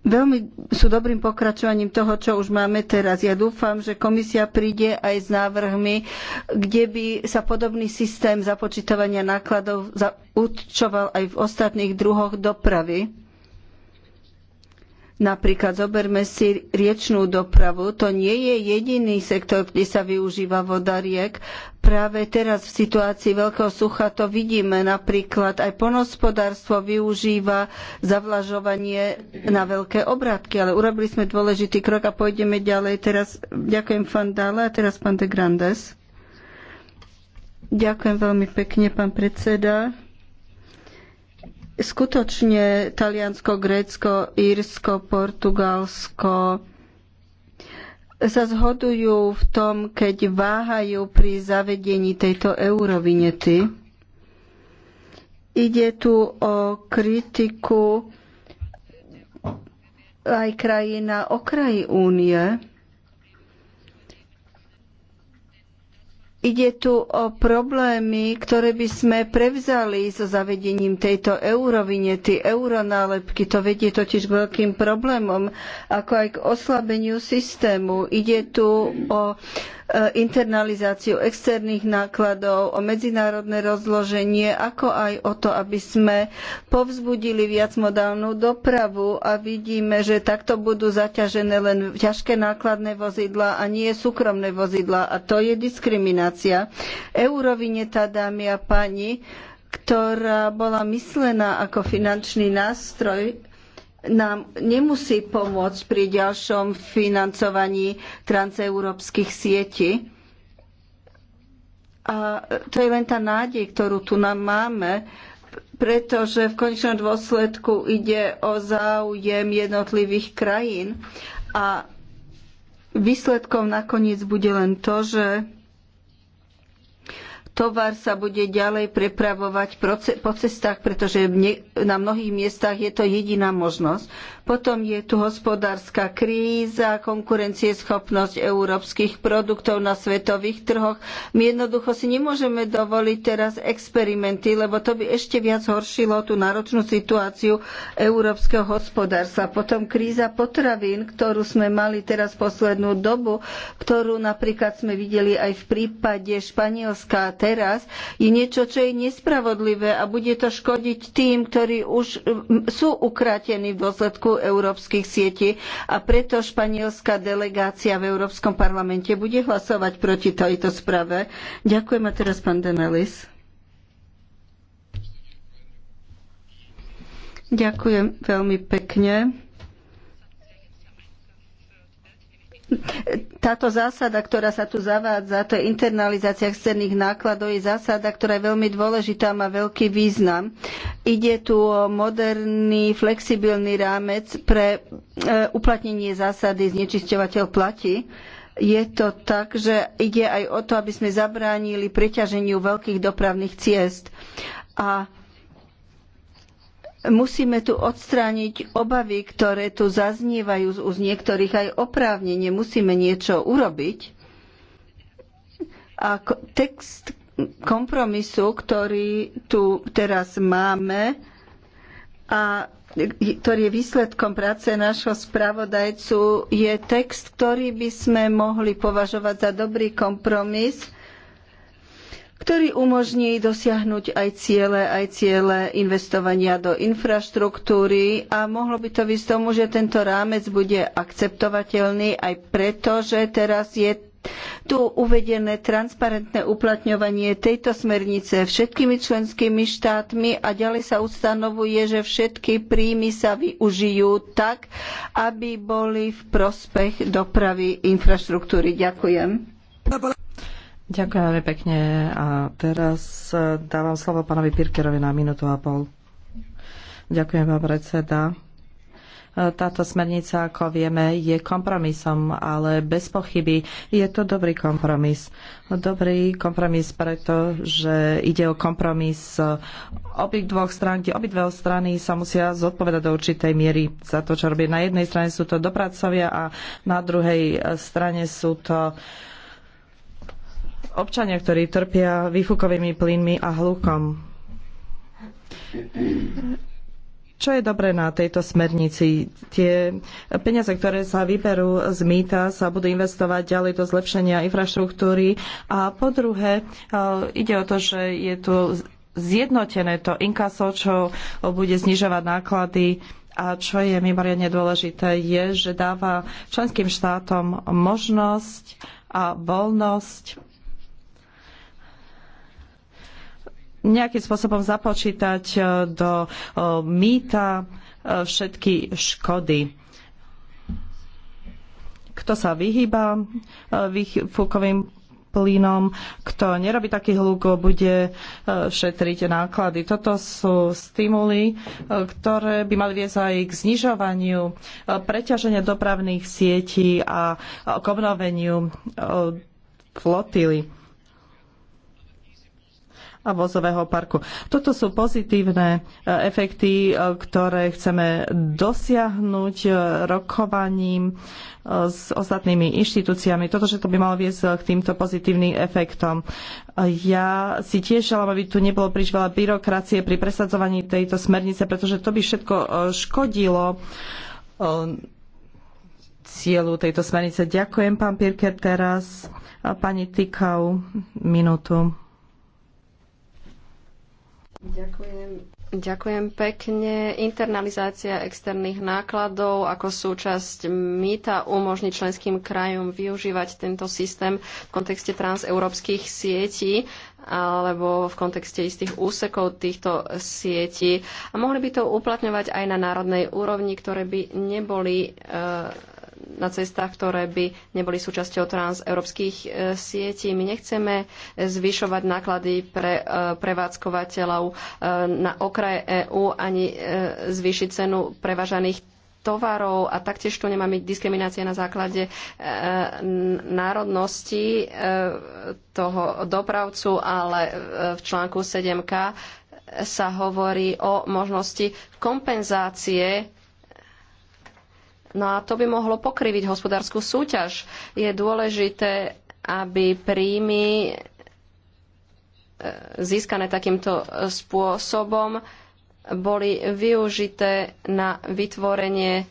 veľmi sú dobrým pokračovaním toho, čo už máme teraz. Ja dúfam, že komisia príde aj s návrhmi, kde by sa podobný systém započítavania nákladov zaučoval aj v ostatných druhoch dopravy. Napríklad zoberme si riečnú dopravu. To nie je jediný sektor, kde sa využíva voda riek. Práve teraz v situácii veľkého sucha to vidíme. Napríklad aj ponospodárstvo využíva zavlažovanie na veľké obrátky. Ale urobili sme dôležitý krok a pôjdeme ďalej. Teraz ďakujem pán Dále a teraz pán de Grandes. Ďakujem veľmi pekne, pán predseda. Skutočne Taliansko, Grécko, Írsko, Portugalsko sa zhodujú v tom, keď váhajú pri zavedení tejto eurovinety. Ide tu o kritiku aj krajín na okraji únie. Ide tu o problémy, ktoré by sme prevzali so zavedením tejto eurovinety, euronálepky. To vedie totiž k veľkým problémom, ako aj k oslabeniu systému. Ide tu o Eh, internalizáciu externých nákladov, o medzinárodné rozloženie, ako aj o to, aby sme povzbudili viacmodálnu dopravu a vidíme, že takto budú zaťažené len ťažké nákladné vozidlá a nie súkromné vozidlá. A to je diskriminácia. Eurovineta, dámy a páni, ktorá bola myslená ako finančný nástroj nám nemusí pomôcť pri ďalšom financovaní transeurópskych sietí. A to je len tá nádej, ktorú tu nám máme, pretože v konečnom dôsledku ide o záujem jednotlivých krajín a výsledkom nakoniec bude len to, že tovar sa bude ďalej prepravovať po cestách, pretože na mnohých miestach je to jediná možnosť. Potom je tu hospodárska kríza, konkurencieschopnosť európskych produktov na svetových trhoch. My jednoducho si nemôžeme dovoliť teraz experimenty, lebo to by ešte viac horšilo tú náročnú situáciu európskeho hospodárstva. Potom kríza potravín, ktorú sme mali teraz poslednú dobu, ktorú napríklad sme videli aj v prípade Španielska teraz, je niečo, čo je nespravodlivé a bude to škodiť tým, ktorí už sú ukratení v dôsledku európskych sietí a preto španielská delegácia v Európskom parlamente bude hlasovať proti tejto sprave. Ďakujem a teraz pán Denelis. Ďakujem veľmi pekne. táto zásada, ktorá sa tu zavádza, to je internalizácia externých nákladov, je zásada, ktorá je veľmi dôležitá a má veľký význam. Ide tu o moderný, flexibilný rámec pre e, uplatnenie zásady znečisťovateľ platí. Je to tak, že ide aj o to, aby sme zabránili preťaženiu veľkých dopravných ciest. A Musíme tu odstrániť obavy, ktoré tu zaznievajú z niektorých aj oprávnenie. Musíme niečo urobiť. A text kompromisu, ktorý tu teraz máme a ktorý je výsledkom práce nášho spravodajcu, je text, ktorý by sme mohli považovať za dobrý kompromis ktorý umožní dosiahnuť aj ciele, aj ciele investovania do infraštruktúry a mohlo by to vysť tomu, že tento rámec bude akceptovateľný aj preto, že teraz je tu uvedené transparentné uplatňovanie tejto smernice všetkými členskými štátmi a ďalej sa ustanovuje, že všetky príjmy sa využijú tak, aby boli v prospech dopravy infraštruktúry. Ďakujem. Ďakujem veľmi pekne a teraz e, dávam slovo pánovi Pirkerovi na minútu a pol. Ďakujem vám, predseda. E, táto smernica, ako vieme, je kompromisom, ale bez pochyby je to dobrý kompromis. Dobrý kompromis, pretože ide o kompromis e, obých dvoch strán, kde obidve strany sa musia zodpovedať do určitej miery za to, čo robí. Na jednej strane sú to dopracovia a na druhej strane sú to uh, občania, ktorí trpia výfukovými plynmi a hlukom. Čo je dobré na tejto smernici? Tie peniaze, ktoré sa vyberú z mýta, sa budú investovať ďalej do zlepšenia infraštruktúry. A po druhé, e, ide o to, že je tu zjednotené to inkaso, čo bude znižovať náklady a čo je mimoriadne dôležité, je, že dáva členským štátom možnosť a voľnosť nejakým spôsobom započítať e, do e, mýta e, všetky škody. Kto sa vyhýba výfukovým plynom, kto nerobí taký hluk, bude šetriť náklady. Toto sú stimuly, ktoré by mali viesť aj k znižovaniu preťaženia dopravných sietí a k obnoveniu flotily a vozového parku. Toto sú pozitívne e, efekty, e, ktoré chceme dosiahnuť e, rokovaním s ostatnými inštitúciami. Toto všetko by malo viesť k týmto pozitívnym efektom. Ja si tiež želám, aby tu nebolo príliš veľa byrokracie pri presadzovaní tejto smernice, pretože to by všetko škodilo cieľu tejto smernice. Ďakujem, pán Pirker, teraz. Pani Tykau, minútu. Ďakujem. Ďakujem pekne. Internalizácia externých nákladov ako súčasť mýta umožní členským krajom využívať tento systém v kontexte transeurópskych sietí alebo v kontexte istých úsekov týchto sietí. A mohli by to uplatňovať aj na národnej úrovni, ktoré by neboli e, na cestách, ktoré by neboli súčasťou transeurópskych e, sietí. My nechceme e, zvyšovať náklady pre e, prevádzkovateľov na okraje EÚ ani zvýšiť cenu prevažaných tovarov a taktiež tu nemá byť diskriminácia na základe e, národnosti e, toho dopravcu, ale v článku 7k sa hovorí o možnosti kompenzácie No a to by mohlo pokriviť hospodárskú súťaž. Je dôležité, aby príjmy e, získané takýmto e, spôsobom boli využité na vytvorenie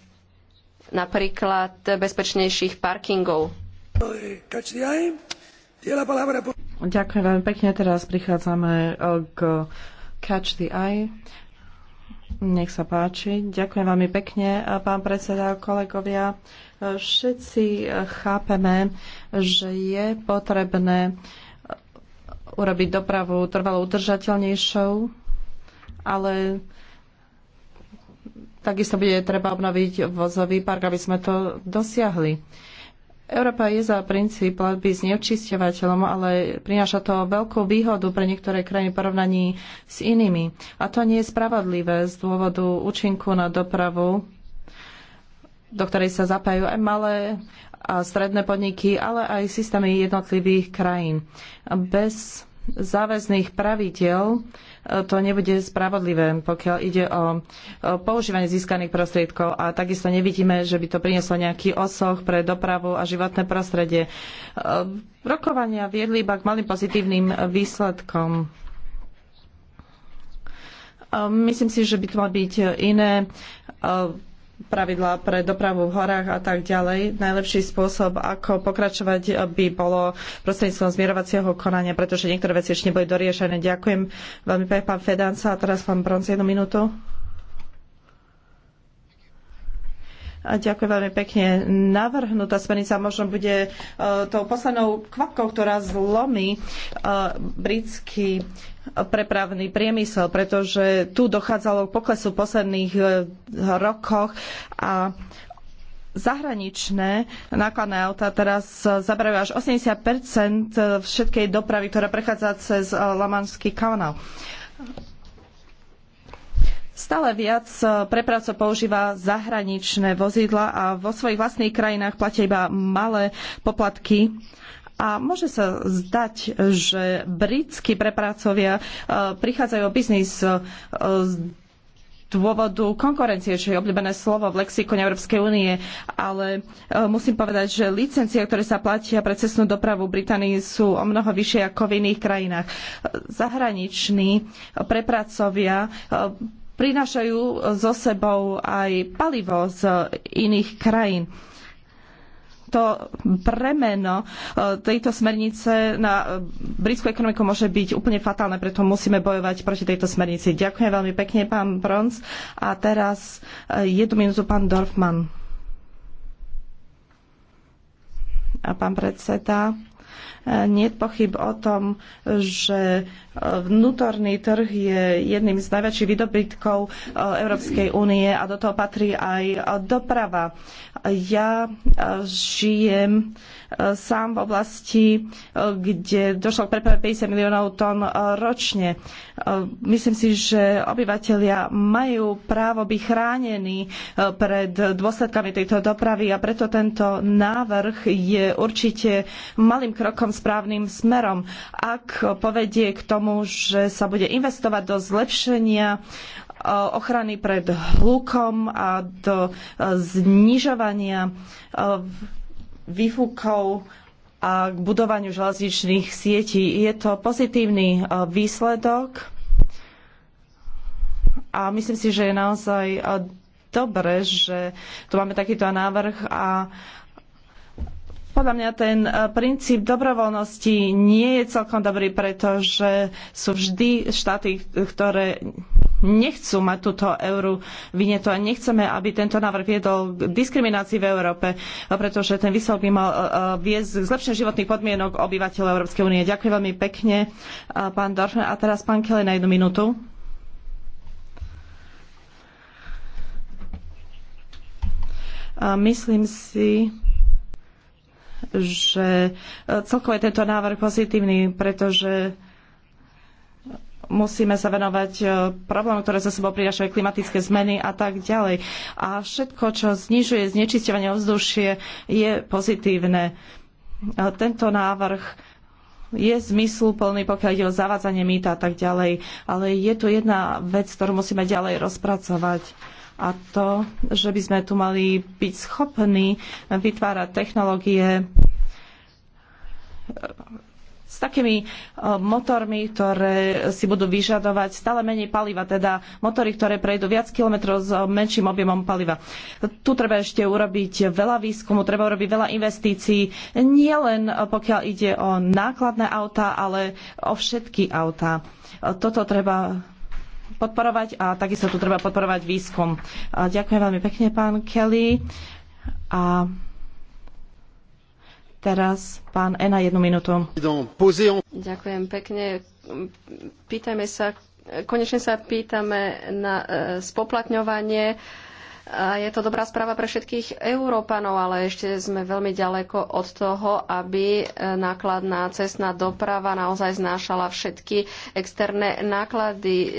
napríklad bezpečnejších parkingov. Ďakujem veľmi pekne. Teraz prichádzame k Catch the Eye. Nech sa páči. Ďakujem veľmi pekne, pán predseda, kolegovia. Všetci chápeme, že je potrebné urobiť dopravu trvalo udržateľnejšou, ale takisto bude treba obnoviť vozový park, aby sme to dosiahli. Európa je za princíp platby s neočisťovateľom, ale prináša to veľkú výhodu pre niektoré krajiny v porovnaní s inými. A to nie je spravodlivé z dôvodu účinku na dopravu, do ktorej sa zapájajú aj malé a stredné podniky, ale aj systémy jednotlivých krajín. Bez záväzných pravidiel e, to nebude spravodlivé, pokiaľ ide o používanie získaných prostriedkov a takisto nevidíme, že by to prinieslo nejaký osoch pre dopravu a životné prostredie. E, rokovania viedli iba k malým pozitívnym výsledkom. E, myslím si, že by to mali byť iné pravidlá pre dopravu v horách a tak ďalej. Najlepší spôsob, ako pokračovať, by bolo prostredníctvom zmierovacieho konania, pretože niektoré veci ešte neboli doriešené. Ďakujem veľmi pekne, pán Fedanca. A teraz pán Bronc, jednu minútu. A ďakujem veľmi pekne. Navrhnutá smernica možno bude uh, tou poslednou kvapkou, ktorá zlomí uh, britský prepravný priemysel, pretože tu dochádzalo k poklesu v posledných e, rokoch a zahraničné nákladné auta teraz zaberajú až 80 e, všetkej dopravy, ktorá prechádza cez e, Lamanský kanál. Stále viac prepravcov používa zahraničné vozidla a vo svojich vlastných krajinách platia iba malé poplatky a môže sa zdať, že britskí prepracovia e, prichádzajú o biznis e, z dôvodu konkurencie, čo je obľúbené slovo v lexikone Európskej únie, ale e, musím povedať, že licencie, ktoré sa platia pre cestnú dopravu v Británii sú o mnoho vyššie ako v iných krajinách. Zahraniční prepracovia prinášajú so sebou aj palivo z iných krajín to bremeno e, tejto smernice na e, britskú ekonomiku môže byť úplne fatálne, preto musíme bojovať proti tejto smernici. Ďakujem veľmi pekne, pán Bronz. A teraz e, jednu minútu pán Dorfman. A pán predseda, nie je pochyb o tom, že Vnútorný trh je jedným z najväčších vydobytkov e, Európskej únie a do toho patrí aj e, doprava. Ja e, žijem sám v oblasti, kde došlo k preprave 50 miliónov tón ročne. Myslím si, že obyvateľia majú právo byť chránení pred dôsledkami tejto dopravy a preto tento návrh je určite malým krokom správnym smerom. Ak povedie k tomu, tomu, že sa bude investovať do zlepšenia e, ochrany pred hlukom a do e, znižovania e, výfukov a k budovaniu železničných sietí. Je to pozitívny výsledok a myslím si, že je naozaj dobré, že tu máme takýto návrh a podľa mňa ten eh, princíp dobrovoľnosti nie je celkom dobrý, pretože sú vždy štáty, ktoré nechcú mať túto euru vynetu a nechceme, aby tento návrh viedol k diskriminácii v Európe, pretože ten výsledok by mal eh, viesť k zlepšeniu životných podmienok obyvateľov Európskej únie. Ďakujem veľmi pekne, eh, pán Dorfman. A teraz pán Kelly na jednu minútu. Myslím si, že e, celkovo je tento návrh pozitívny, pretože musíme sa venovať e, problémom, ktoré za sebou prinašajú klimatické zmeny a tak ďalej. A všetko, čo znižuje znečisťovanie ovzdušie, je pozitívne. E, tento návrh je zmysluplný, pokiaľ ide o zavádzanie mýta a tak ďalej, ale je tu jedna vec, ktorú musíme ďalej rozpracovať a to, že by sme tu mali byť schopní vytvárať technológie e, s takými e, motormi, ktoré si budú vyžadovať stále menej paliva, teda motory, ktoré prejdú viac kilometrov s menším objemom paliva. Tu treba ešte urobiť veľa výskumu, treba urobiť veľa investícií, nie len pokiaľ ide o nákladné autá, ale o všetky autá. E, toto treba podporovať a takisto tu treba podporovať výskum. A ďakujem veľmi pekne, pán Kelly. A teraz pán Ena jednu minútu. Ďakujem pekne. Pýtajme sa, konečne sa pýtame na e, spoplatňovanie a je to dobrá správa pre všetkých Európanov, ale ešte sme veľmi ďaleko od toho, aby e, nákladná cestná doprava naozaj znášala všetky externé náklady, e,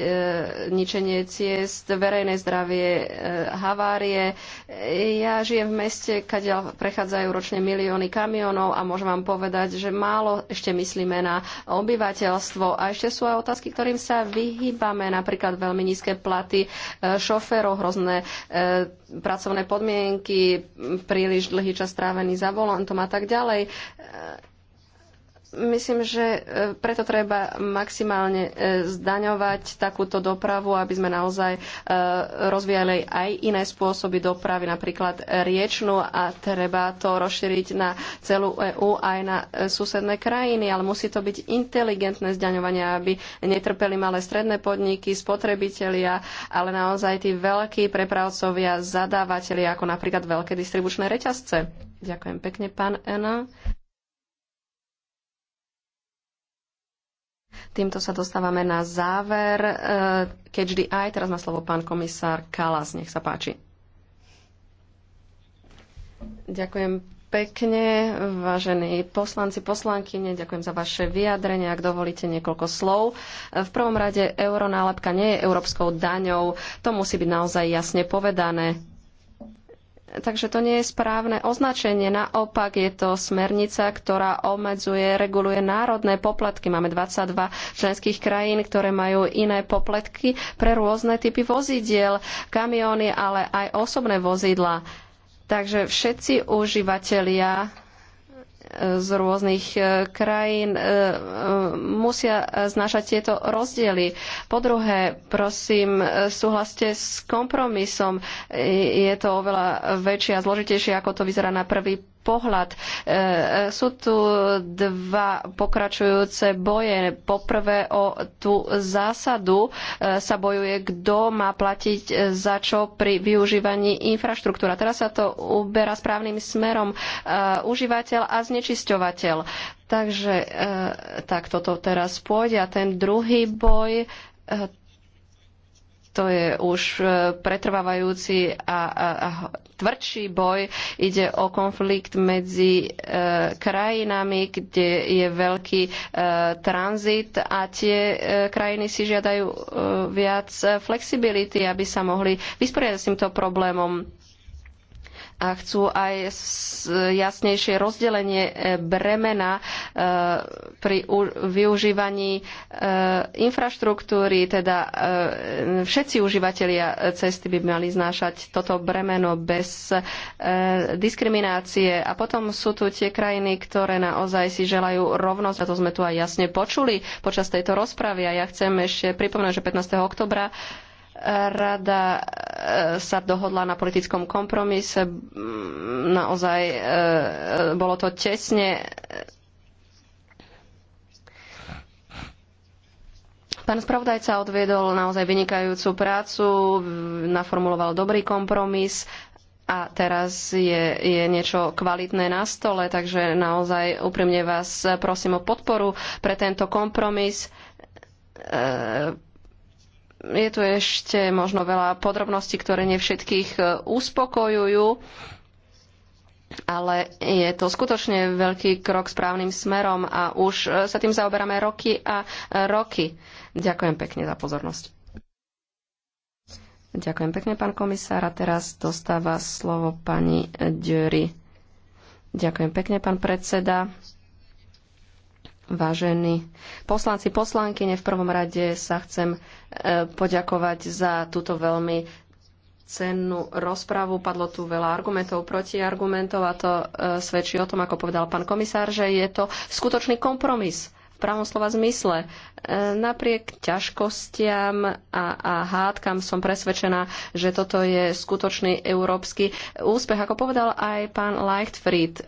ničenie ciest, verejné zdravie, e, havárie. Ja žijem v meste, kde prechádzajú ročne milióny kamionov a môžem vám povedať, že málo ešte myslíme na obyvateľstvo. A ešte sú aj otázky, ktorým sa vyhýbame, napríklad veľmi nízke platy šoférov, hrozné pracovné podmienky, príliš dlhý čas strávený za volantom a tak ďalej. Myslím, že e, preto treba maximálne e, zdaňovať takúto dopravu, aby sme naozaj e, rozvíjali aj iné spôsoby dopravy, napríklad riečnú a treba to rozšíriť na celú EÚ aj na susedné krajiny, ale musí to byť inteligentné zdaňovanie, aby netrpeli malé stredné podniky, spotrebitelia, ale naozaj tí veľkí prepravcovia, zadávateľi, ako napríklad veľké distribučné reťazce. Ďakujem pekne, pán Ena. Týmto sa dostávame na záver. Keď vždy aj, teraz má slovo pán komisár Kalas. Nech sa páči. Ďakujem pekne, vážení poslanci, poslankyne, ďakujem za vaše vyjadrenie, ak dovolíte niekoľko slov. Eh, v prvom rade euronálepka nie je európskou daňou, to musí byť naozaj jasne povedané Takže to nie je správne označenie. Naopak je to smernica, ktorá obmedzuje, reguluje národné poplatky. Máme 22 členských krajín, ktoré majú iné poplatky pre rôzne typy vozidiel, kamióny, ale aj osobné vozidla. Takže všetci užívateľia z rôznych e, krajín e, e, musia znášať tieto rozdiely. Po druhé, prosím, súhlaste s kompromisom. Je to oveľa väčšie a zložitejšie, ako to vyzerá na prvý pohľad. E, e, sú tu dva pokračujúce boje. Poprvé o tú zásadu e, sa bojuje, kto má platiť za čo pri využívaní infraštruktúra. Teraz sa to uberá správnym smerom užívateľ a znečisťovateľ. Takže tak toto teraz pôjde. A ten druhý boj to je už e, pretrvávajúci a, a, a tvrdší boj. Ide o konflikt medzi e, krajinami, kde je veľký e, tranzit a tie e, krajiny si žiadajú e, viac flexibility, aby sa mohli vysporiadať s týmto problémom a chcú aj jasnejšie rozdelenie e, bremena e, pri využívaní e, infraštruktúry, teda všetci užívateľia cesty by mali znášať toto bremeno bez diskriminácie. A potom sú tu tie krajiny, ktoré naozaj si želajú rovnosť, a to sme tu aj jasne počuli počas tejto rozpravy. A ja chcem ešte pripomenúť, že 15. oktobra Rada e, sa dohodla na politickom kompromise. Naozaj e, bolo to tesne. Pán spravodajca odviedol naozaj vynikajúcu prácu, naformuloval dobrý kompromis a teraz je, je niečo kvalitné na stole, takže naozaj úprimne vás prosím o podporu pre tento kompromis. E je tu ešte možno veľa podrobností, ktoré nie všetkých e, uspokojujú, ale je to skutočne veľký krok správnym smerom a už e, sa tým zaoberáme roky a roky. Ďakujem pekne za pozornosť. Ďakujem pekne, pán komisár. A teraz dostáva slovo pani Dury. Ďakujem pekne, pán predseda. Vážení poslanci, poslankyne, v prvom rade sa chcem e, poďakovať za túto veľmi cennú rozpravu. Padlo tu veľa argumentov, protiargumentov a to e, svedčí o tom, ako povedal pán komisár, že je to skutočný kompromis v pravom slova zmysle. E, napriek ťažkostiam a, a hádkam som presvedčená, že toto je skutočný európsky úspech. Ako povedal aj pán Leichtfried,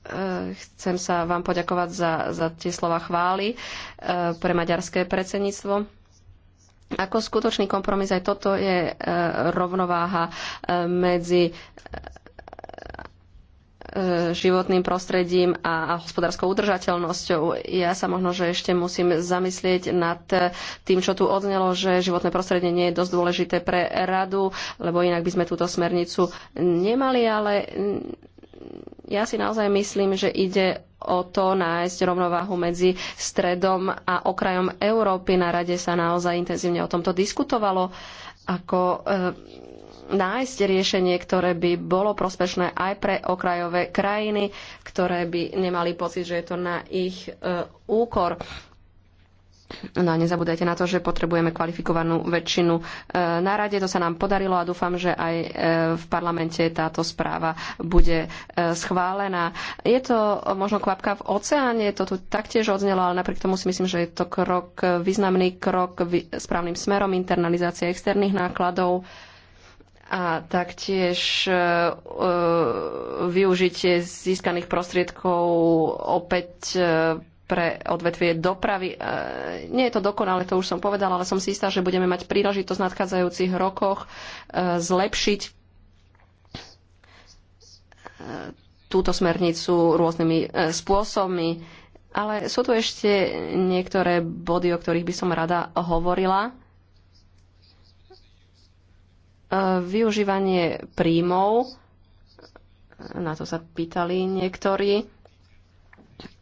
Eh, chcem sa vám poďakovať za, za tie slova chvály eh, pre maďarské predsedníctvo. Ako skutočný kompromis aj toto je eh, rovnováha medzi životným prostredím a, hospodárskou udržateľnosťou. Ja sa možno, že ešte musím zamyslieť nad tým, čo tu odznelo, že životné prostredie nie je dosť dôležité pre radu, lebo inak by sme túto smernicu nemali, ale ja si naozaj myslím, že ide o to nájsť rovnováhu medzi stredom a okrajom Európy. Na rade sa naozaj intenzívne o tomto diskutovalo, ako e, nájsť riešenie, ktoré by bolo prospešné aj pre okrajové krajiny, ktoré by nemali pocit, že je to na ich e, úkor. No a nezabúdajte na to, že potrebujeme kvalifikovanú väčšinu e, na rade. To sa nám podarilo a dúfam, že aj e, v parlamente táto správa bude e, schválená. Je to možno kvapka v oceáne, to tu taktiež odznelo, ale napriek tomu si myslím, že je to krok, významný krok správnym smerom, internalizácia externých nákladov a taktiež e, využitie získaných prostriedkov opäť e, pre odvetvie dopravy. E, nie je to dokonale, to už som povedala, ale som si istá, že budeme mať príležitosť v nadchádzajúcich rokoch e, zlepšiť e, túto smernicu rôznymi spôsobmi. Ale sú tu ešte niektoré body, o ktorých by som rada hovorila. Využívanie príjmov, na to sa pýtali niektorí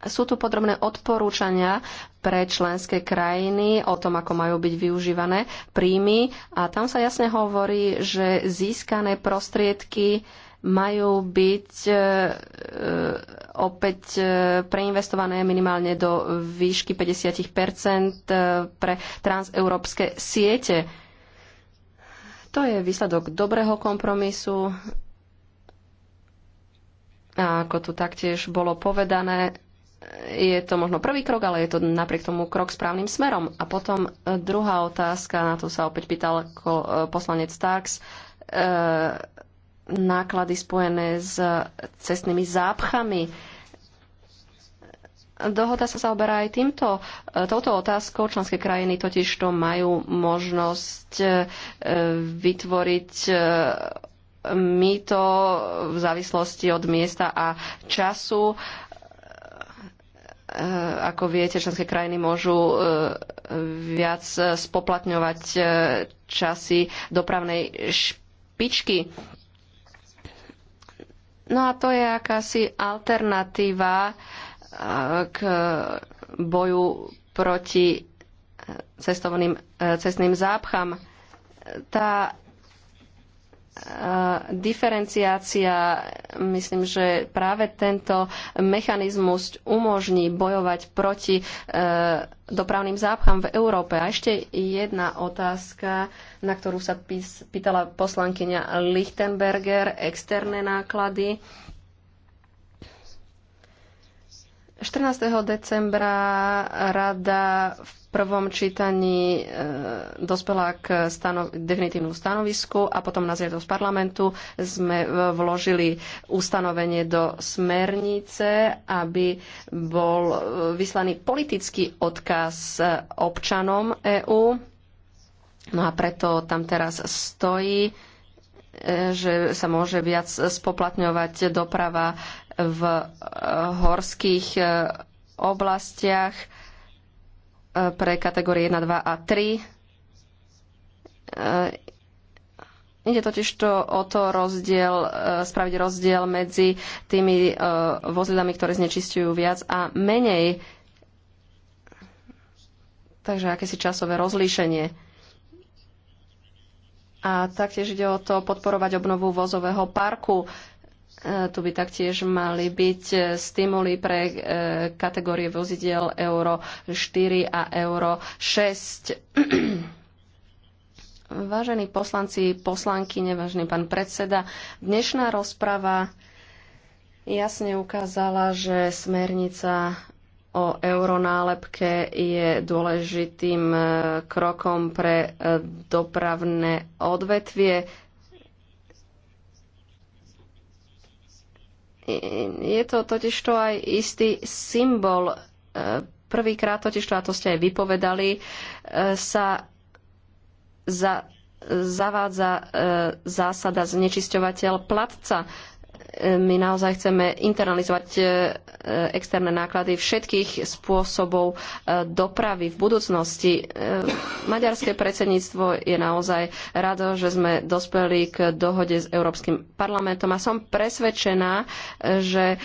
sú tu podrobné odporúčania pre členské krajiny o tom, ako majú byť využívané príjmy a tam sa jasne hovorí, že získané prostriedky majú byť e, e opäť e, preinvestované minimálne do výšky 50 e, pre transeurópske siete. To je výsledok dobrého kompromisu. A ako tu taktiež bolo povedané, je to možno prvý krok, ale je to napriek tomu krok správnym smerom. A potom e, druhá otázka, na to sa opäť pýtal e, poslanec Starks, e, náklady spojené s cestnými zápchami. Dohoda sa zaoberá aj týmto, touto otázkou. Členské krajiny totiž to majú možnosť vytvoriť mýto v závislosti od miesta a času Eh, ako viete, členské krajiny môžu eh, viac eh, spoplatňovať časy dopravnej špičky. No a to je akási alternatíva k boju proti cestovným, cestným zápcham. Tá diferenciácia myslím, že práve tento mechanizmus umožní bojovať proti e, dopravným zápchám v Európe. A ešte jedna otázka, na ktorú sa pýtala poslankyňa Lichtenberger, externé náklady. 14. decembra rada v prvom čítaní e, dospela k stano- definitívnu stanovisku a potom na z parlamentu sme e, vložili ustanovenie do smernice, aby bol e, vyslaný politický odkaz e, občanom EÚ. No a preto tam teraz stojí, e, že sa môže viac spoplatňovať doprava v e, horských oblastiach pre kategórie 1, 2 a 3. E, ide totiž to o to rozdiel, e, spraviť rozdiel medzi tými e, vozidlami, ktoré znečistujú viac a menej. Takže akési časové rozlíšenie. A taktiež ide o to podporovať obnovu vozového parku. E, tu by taktiež mali byť e, stimuly pre e, kategórie vozidiel Euro 4 a Euro 6. Vážení poslanci, poslanky, nevážený pán predseda, dnešná rozprava jasne ukázala, že smernica o euronálepke je dôležitým krokom pre dopravné odvetvie je to totiž to aj istý symbol. E, prvýkrát to, a to ste aj vypovedali, e, sa za, zavádza e, zásada znečisťovateľ platca my naozaj chceme internalizovať e, e, externé náklady všetkých spôsobov e, dopravy v budúcnosti. Maďarské predsedníctvo je naozaj rado, že sme dospeli k dohode s Európskym parlamentom a som presvedčená, že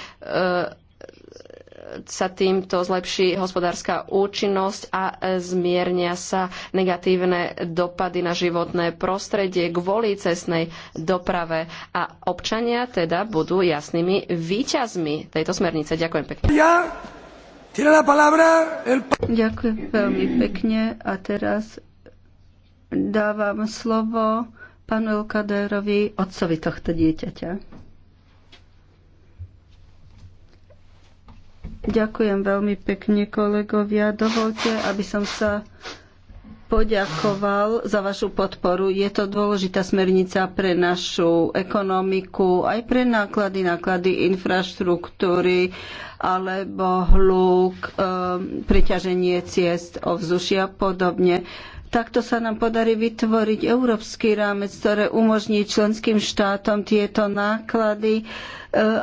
sa týmto zlepší hospodárska účinnosť a zmiernia sa negatívne dopady na životné prostredie kvôli cestnej doprave a občania teda budú jasnými výťazmi tejto smernice. Ďakujem pekne. Ja, palabra, el... Ďakujem veľmi pekne a teraz dávam slovo panu Kaderovi, otcovi tohto dieťaťa. Ďakujem veľmi pekne, kolegovia. Dovolte, aby som sa poďakoval za vašu podporu. Je to dôležitá smernica pre našu ekonomiku, aj pre náklady, náklady infraštruktúry alebo e, preťaženie ciest, ovzdušia a podobne. Takto sa nám podarí vytvoriť európsky rámec, ktoré umožní členským štátom tieto náklady, e,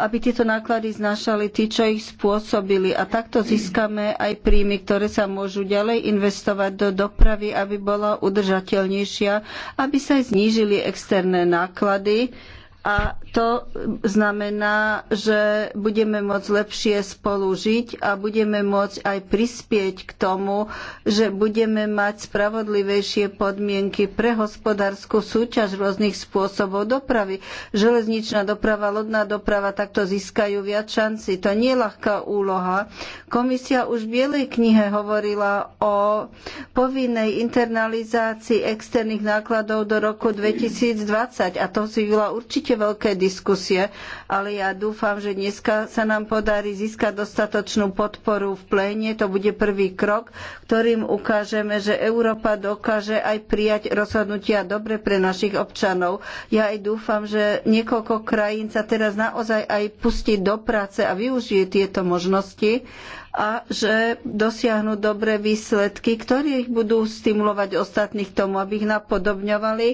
aby tieto náklady znašali tí, čo ich spôsobili. A takto získame aj príjmy, ktoré sa môžu ďalej investovať do dopravy, aby bola udržateľnejšia, aby sa aj znížili externé náklady a to znamená, že budeme môcť lepšie spolužiť a budeme môcť aj prispieť k tomu, že budeme mať spravodlivejšie podmienky pre hospodárskú súťaž rôznych spôsobov dopravy. Železničná doprava, lodná doprava takto získajú viac šanci. To nie je ľahká úloha. Komisia už v Bielej knihe hovorila o povinnej internalizácii externých nákladov do roku 2020 a to si bola určite určite veľké diskusie, ale ja dúfam, že dneska sa nám podarí získať dostatočnú podporu v pléne. To bude prvý krok, ktorým ukážeme, že Európa dokáže aj prijať rozhodnutia dobre pre našich občanov. Ja aj dúfam, že niekoľko krajín sa teraz naozaj aj pustí do práce a využije tieto možnosti a že dosiahnu dobré výsledky, ktoré ich budú stimulovať ostatných tomu, aby ich napodobňovali.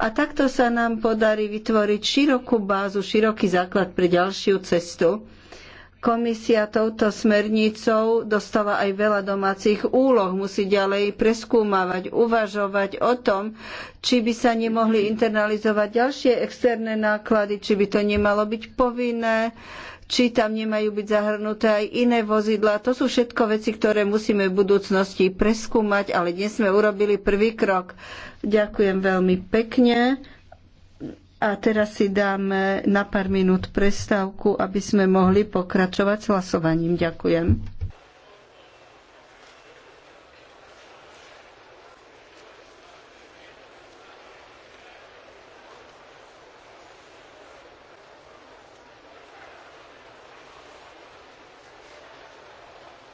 A takto sa nám podarí vytvoriť širokú bázu, široký základ pre ďalšiu cestu. Komisia touto smernicou dostala aj veľa domácich úloh. Musí ďalej preskúmavať, uvažovať o tom, či by sa nemohli internalizovať ďalšie externé náklady, či by to nemalo byť povinné, či tam nemajú byť zahrnuté aj iné vozidlá. To sú všetko veci, ktoré musíme v budúcnosti preskúmať, ale dnes sme urobili prvý krok. Ďakujem veľmi pekne. A teraz si dáme na pár minút prestávku, aby sme mohli pokračovať s hlasovaním. Ďakujem.